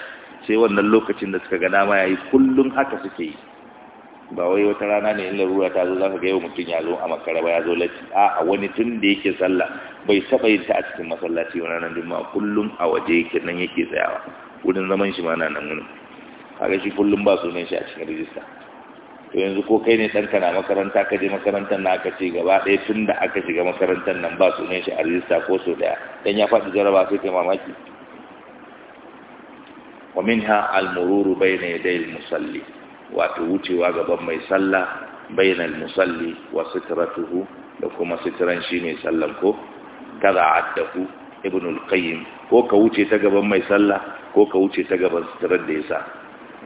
sai wannan lokacin da suka ga dama yayi kullum haka suke yi ba wai wata rana ne in larura ta zo zaka ga yau mutum ya zo a makara ya zo lati a wani tun da yake sallah bai saba yin ta a cikin masallaci wani ranar juma'a kullum a waje yake nan yake tsayawa wurin zaman shi ma na nan wurin kaga shi kullum ba sunan shi a cikin rijista to yanzu ko kai ne ɗanka na makaranta ka je makarantar na aka ce gaba ɗaya tun da aka shiga makarantar nan ba sunan shi a rijista ko so ɗaya dan ya faɗi jaraba sai kai mamaki ومنها المرور بين يدي المصلي wato wucewa gaban mai sallah bainal musalli wa sitratuhu da kuma sitran shi mai sallan ko tada'addahu ibn al-qayyim ko ka wuce ta gaban mai sallah ko ka wuce ta gaban sitran da yasa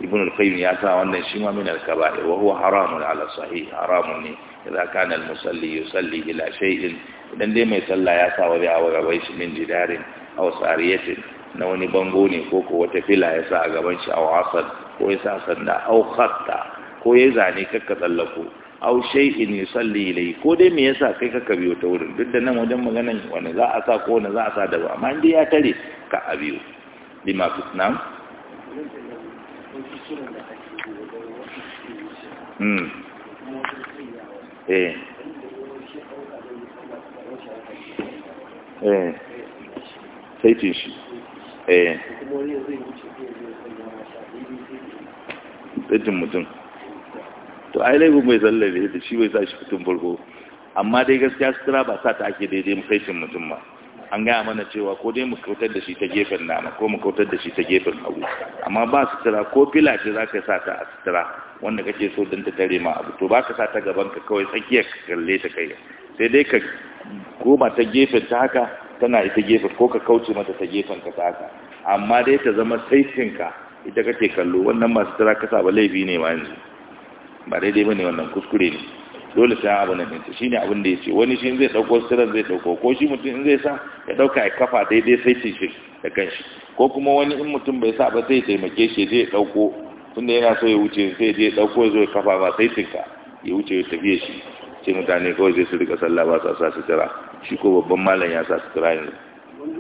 ibn al-qayyim ya sa wannan shi ma min al-kaba'ir wa huwa haramun ala sahih haramun ne idan kana al-musalli yusalli ila shay'in idan dai mai sallah ya sa wani abu gaban shi min jidarin aw sariyatin na wani bango ne ko ko wata fila ya sa a gaban shi a wasan ko ya sa sanda au khatta ko ya zane kakka tsallako au shay'in yusalli ilai ko dai me yasa kai kakka biyo ta wurin duk da nan wajen maganan wani za a sa ko wani za a sa da ba amma dai ya tare ka a biyo lima fitnam hmm. eh eh shi eh mutum to yi laifin mai zallar da yadda shi bai sa shi fitin farko amma dai gaskiya sutura ba sa ta ake daidai makaicin mutum ba an gaya mana cewa ko dai mu kautar da shi ta gefen nama ko mu kautar da shi ta gefen hagu amma ba sutura ko fila ce za ka sa ta a sutura wanda kake so don ta tare ma abu to ba ka sa ta gaban ka kawai tsakiyar kalle ta kai sai dai ka goma ta gefen ta haka tana ita gefe ko ka kauce mata ta gefen ka haka amma dai ta zama saitinka ita kake kallo wannan masu tara kasa ba laifi ne ma yanzu ba daidai ba ne wannan kuskure ne dole sai abu na ɗinta shi ne abin da ya ce wani shi zai ɗauko sirar zai ɗauko ko shi mutum in zai sa ya ɗauka ya kafa daidai saitin shi da kanshi ko kuma wani in mutum bai sa ba sai taimake shi zai ɗauko tunda yana so ya wuce sai ya ɗauko ya zo ya kafa ba ka ya wuce ya tafiye shi ce mutane kawai zai su rika sallah ba sa sa sutura shi ko babban malam ya sa sutura yanzu to yi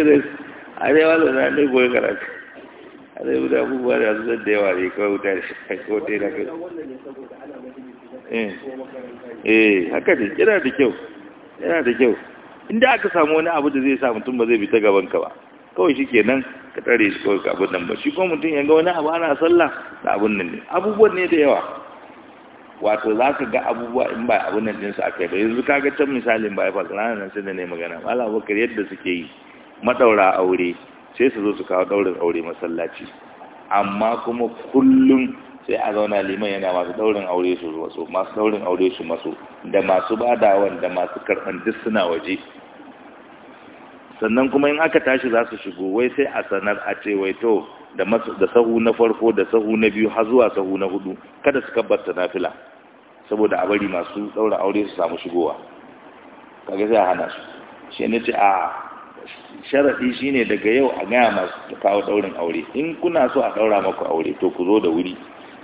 da a zai wani na ne goyi karatu a zai wuta abubuwa da su zan da yawa ne kawai wuta da shi ko dai na kai eh. eh haka ne yana da kyau yana da kyau inda aka samu wani abu da zai sa mutum ba zai bi ta gaban ka ba kawai shi kenan ka tare shi kawai abin nan ba shi kuma mutum yanga wani abu ana sallah da abun nan ne abubuwan ne da yawa wato za ka ga abubuwa in ba abun nan ɗinsu aka yi ba yanzu kaga can misalin ba ya faɗa ranar nan sai da ne magana ala bakar yadda suke yi madaura aure sai su zo su kawo daurin aure masallaci amma kuma kullum sai a zauna liman yana masu daurin aure su wasu masu daurin aure su masu da masu badawan da masu karban duk suna waje sannan kuma in aka tashi za su shigo wai sai a sanar a ce wai to da sahu na farko da sahu na biyu har zuwa sahu na hudu kada su kabbata nafila saboda a bari masu daura aure su samu shigowa kaga sai a hana su shi ne ce a sharaɗi shine daga yau a gaya masu kawo daurin aure in kuna so a daura maku aure to ku zo da wuri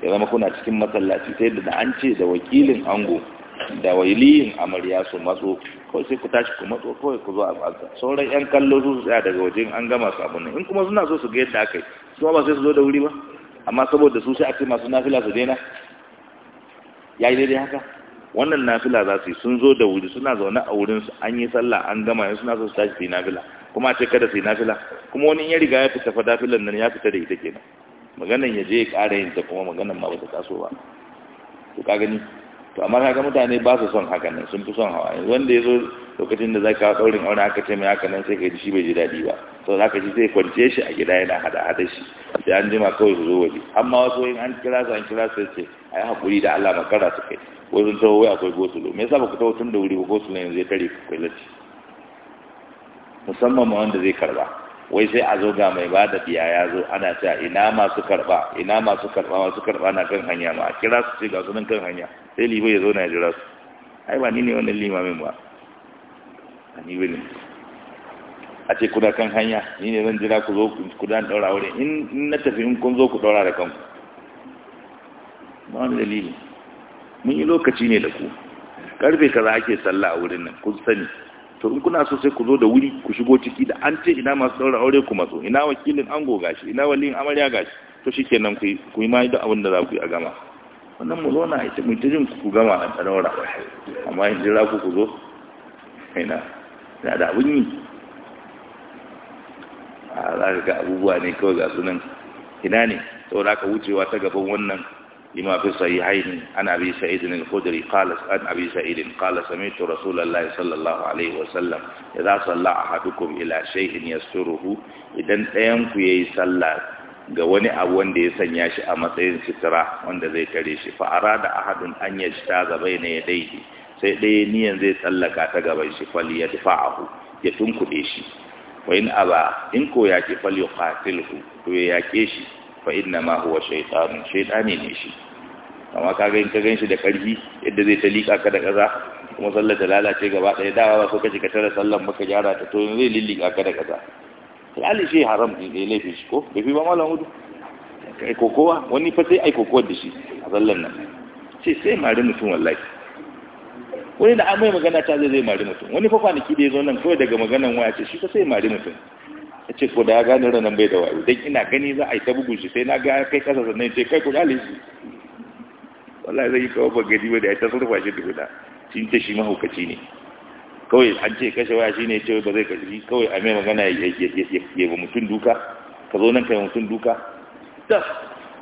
ya zama kuna cikin matsalaci sai da an ce da wakilin ango da wailiyin amarya su matso kawai sai ku tashi ku matso kawai ku zo a ɓansa sauran yan kallo su su tsaya daga wajen an gama su abin in kuma suna so su ga yadda aka yi su ba sai su zo da wuri ba amma saboda su sai a ce masu nafila su daina ya yi daidai haka wannan nafila za su yi sun zo da wuri suna zaune a wurin su an yi sallah an gama yanzu suna so su tashi su yi nafila kuma a ce kada su yi nafila kuma wani ya riga ya fita fadafilan nan ya fita da ita kenan maganan ya je ya ƙara yin ta kuma maganan ma ba ta taso ba to ka gani to amma kaga mutane ba su son hakan nan sun fi son hawa wanda ya zo lokacin da za ka ɗaurin aure aka ce mai haka nan sai ka ji shi bai ji daɗi ba to za ka ji sai kwance shi a gida yana hada hada shi sai an jima kawai su zo waje amma wasu in an kira su an kira su ce a yi haƙuri da Allah makara su kai ko sun tawo wai akwai gosulo me yasa ba ku tawo tun da wuri ba gosulo yanzu ya tare ku kai lati musamman ma wanda zai karba wai sai a zo ga mai ba da biya ya zo ana cewa ina masu karba ina masu karba masu karba na kan hanya ma kira su ce ga sunan kan hanya sai libai ya zo na jira su ai ba ni ne wannan limamin ba a ni wani a ce kuna kan hanya ni ne zan jira ku zo ku dan daura wurin in na tafi in kun zo ku daura da kanku ba wani dalili mun yi lokaci ne da ku karfe kaza ake sallah a wurin nan kun sani to in kuna so sai ku zo da wuri ku shigo ciki da an ce ina masu daura aure ku matso ina wakilin ango gashi ina waliyin amarya gashi to kenan ku ku yi mai da abin da za ku yi a gama wannan mu zauna ita mu ta jin ku gama a daura amma in jira ku ku zo ina da da abin yi a za ka ga abubuwa ne kawai ga sunan ina ne saboda ka wucewa ta gaban wannan لما في الصحيحين عن أبي سعيد الخدري قال عن أبي سعيد قال سمعت رسول الله صلى الله عليه وسلم إذا صلى أحدكم إلى شيء يستره إذا أيمكم يصلى ga wani abu wanda ya sanya shi a matsayin sitira wanda zai tare shi fa da ahadun an ta gaba ne ya daidi sai ɗaya niyan zai tsallaka ta gaban shi fal ya dafa'ahu ya tunkuɗe shi wa in aba in ko ya ki fal to ya yake shi fa inna ma huwa shaytanun shaytani ne shi amma ka ga in ka ganshi da ƙarfi yadda zai ta lika ka da kaza kuma sallar ta lalace gaba ɗaya dawa ba so kace ka tara sallar maka gyara ta to zai lillika ka da kaza alali shi haram din da eh, laifin shi ko bai fi ba malam hudu kai kokowa wani fa sai ai kokowa da shi a sallar nan sai sai mari mutum wallahi wani da an magana ta zai zai mari mutum wani fa kwanaki da ya zo nan kawai daga maganan waya ce shi fa sai mari mutum a ce ko da ya gane ranar bai da wayo don ina gani za a yi ta bugun shi sai na ga kai kasa sannan ce kai ku gale shi wallahi zai yi kawo ba gadi ba da ya ta surfa shi guda shi ta shi mahaukaci ne kawai an ce kashe waya shi ne ce ba zai kashi kawai a mai magana ya ba mutum duka ka zo nan ka yi mutum duka ta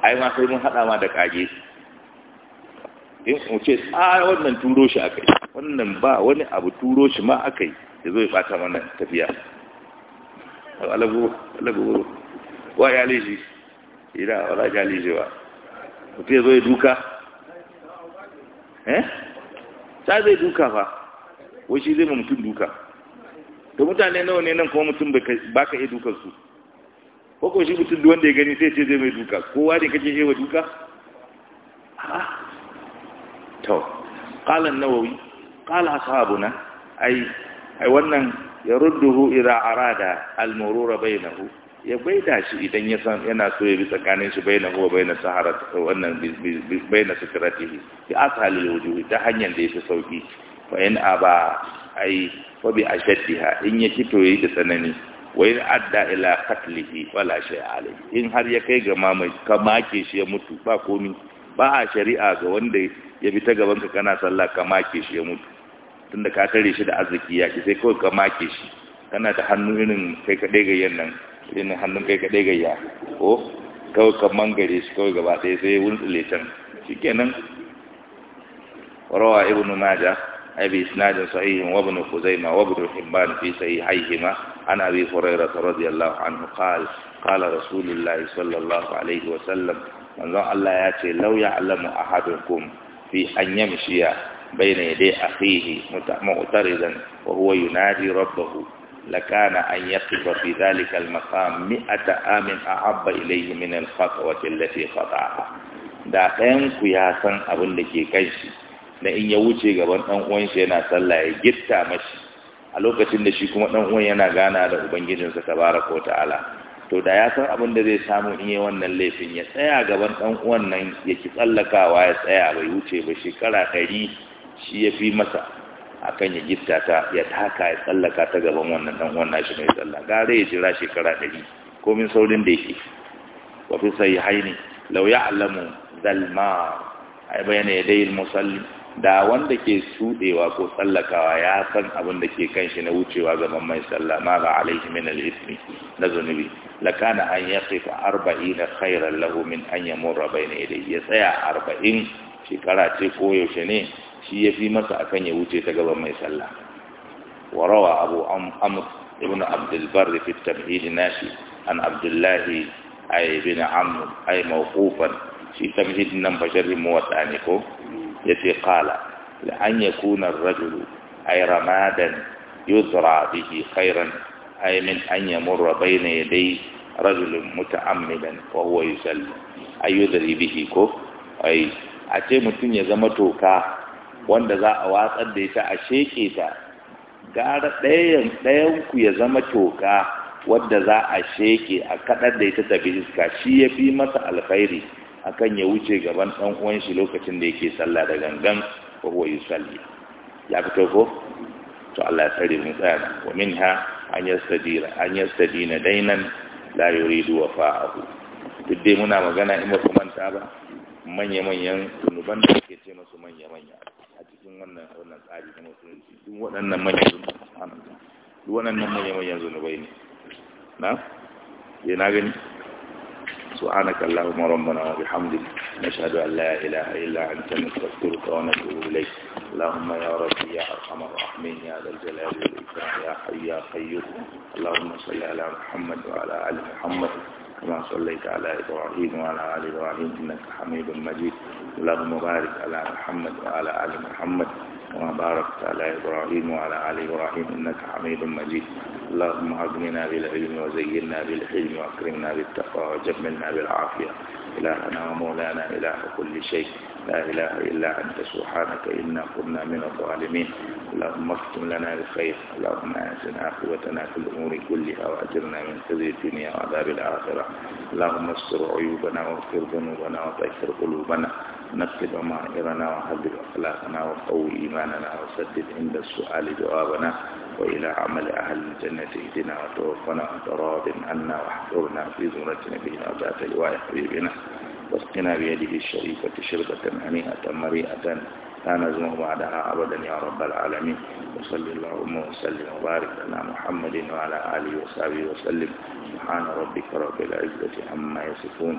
a ma sai mun haɗa ma da kage in mu ce a wannan turo shi akai wannan ba wani abu turo shi ma akai ya zo ya ɓata mana tafiya alago wa ya leji ina wala ya leji ba mutum ya zo ya duka eh ta zai duka ba wai shi zai ma mutum duka to mutane nawa ne nan kuma mutum ba ka iya dukansu ko kuma shi mutum wanda ya gani sai ce zai mai duka kowa ne kake iya wa duka ha to qala nawawi qala ashabuna ai ai wannan ya rudduhu idza arada al-murur bainahu ya baida shi idan ya san yana so ya bi tsakanin shi bainahu wa baina sahara wannan baina sikratihi bi ashalil wujuhi ta hanyar da yake sauki fa in aba ai fa bi ashaddiha in ya kito yayi da tsanani wai in adda ila qatlihi wala shay alayhi in har ya kai ga mamai ka make shi ya mutu ba komi ba a shari'a ga wanda ya bi ta gaban ka kana sallah ka make shi ya mutu tun da ka tare shi da arziki ya ke sai kawai ka make shi kana ta hannu irin kai kaɗai gayyar nan irin hannun kai kaɗai gayya ko kawai ka mangare shi kawai gaba ɗaya sai wurin tsile can shi kenan rawa ibnu maja abi isnadin sahihin wa ibnu ma, wa ibnu hibban fi sai sahihaihima an abi hurairah radiyallahu anhu qal qala rasulullahi sallallahu alaihi wa sallam manzon Allah ya ce lau ya'lamu ahadukum fi an yamshiya بين يدي أخيه معترضا وهو ينادي ربه لكان أن يقف في ذلك المقام مئة عام أحب إليه من الخطوة التي خطأها da ɗayanku ya san abin da ke kan shi na in ya wuce gaban ɗan uwan yana sallah ya gita mashi a lokacin da shi kuma ɗan uwan yana gana da ubangijinsa ta wa ta'ala to da ya san abin da zai samu in yi wannan laifin ya tsaya gaban ɗan uwan nan ya tsallakawa ya tsaya bai wuce ba shekara ɗari shi ya fi masa akan ya gifta ta ya taka ya tsallaka ta gaban wannan ɗan wannan shi mai tsalla gare ya jira shekara ɗari komin saurin da yake wa fi sai haini Lauya, ya alamu zalma yi bayana ya dai musalli da wanda ke suɗewa ko tsallakawa ya san abin da ke kan shi na wucewa gaban mai tsalla ma ba alaihi min al na zunubi lakana an yaqifa 40 da lahu min an yamurra ya tsaya arba'in shekara ce koyaushe ne shi ya fi masa akan ya wuce ta وروى أبو أمر بن عبد البر في التمهيد الناشي عن عبد الله أي بن عمرو أي موقوفا في تمهيد نمبشر موتانكو يتي قال لأن يكون الرجل أي رمادا يزرع به خيرا أي من أن يمر بين يدي رجل متعمدا وهو يسلم أي يدري به كف أي أتي متن كا wanda za a watsar da ita a sheke ta gara ɗayan ku ya zama toka wadda za a sheke a kaɗar da ita tafi iska shi ya fi masa alkhairi akan ya wuce gaban ɗan uwan shi lokacin da yake sallah da gangan ko huwa salli ya fito ko to Allah ya tsare mu tsaya wa minha an yastadira an yastadina dainan la yuridu wafa'ahu duk dai muna magana in ba manta ba manya-manyan zunuban da ake ce masu manya-manya cikin wannan wannan tsari na musulunci duk waɗannan manyan duk waɗannan manyan manyan zunubai ne na ya na gani سبحانك اللهم ربنا وبحمدك نشهد أن لا إله إلا أنت نستغفرك ونتوب إليك اللهم يا ربي يا أرحم الراحمين يا ذا الجلال والإكرام يا حي يا قيوم اللهم صل على محمد وعلى آل محمد كما صليت على إبراهيم وعلى آل إبراهيم إنك حميد مجيد اللهم بارك على محمد وعلى آل محمد كما باركت على إبراهيم وعلى آل إبراهيم إنك حميد مجيد اللهم أغننا بالعلم وزينا بالحلم وأكرمنا بالتقوى وجملنا بالعافية إلهنا ومولانا إله كل شيء لا إله إلا أنت سبحانك إنا كنا من الظالمين اللهم اختم لنا بالخير اللهم أعزنا قوتنا في الأمور كلها وأجرنا من خزي الدنيا وعذاب الآخرة اللهم استر عيوبنا واغفر ذنوبنا وطهر قلوبنا نكتب ضمائرنا وحذر أخلاقنا وقوي إيماننا وسدد عند السؤال جوابنا وإلى عمل أهل الجنة اهدنا وتوفنا وتراض عنا واحفظنا في زمرة نبينا ذات لواء حبيبنا واسقنا بيده الشريفة شربة هنيئة مريئة لا نزم بعدها أبدا يا رب العالمين وصل اللهم وسلم وبارك على محمد وعلى آله وصحبه وسلم سبحان ربك رب العزة عما يصفون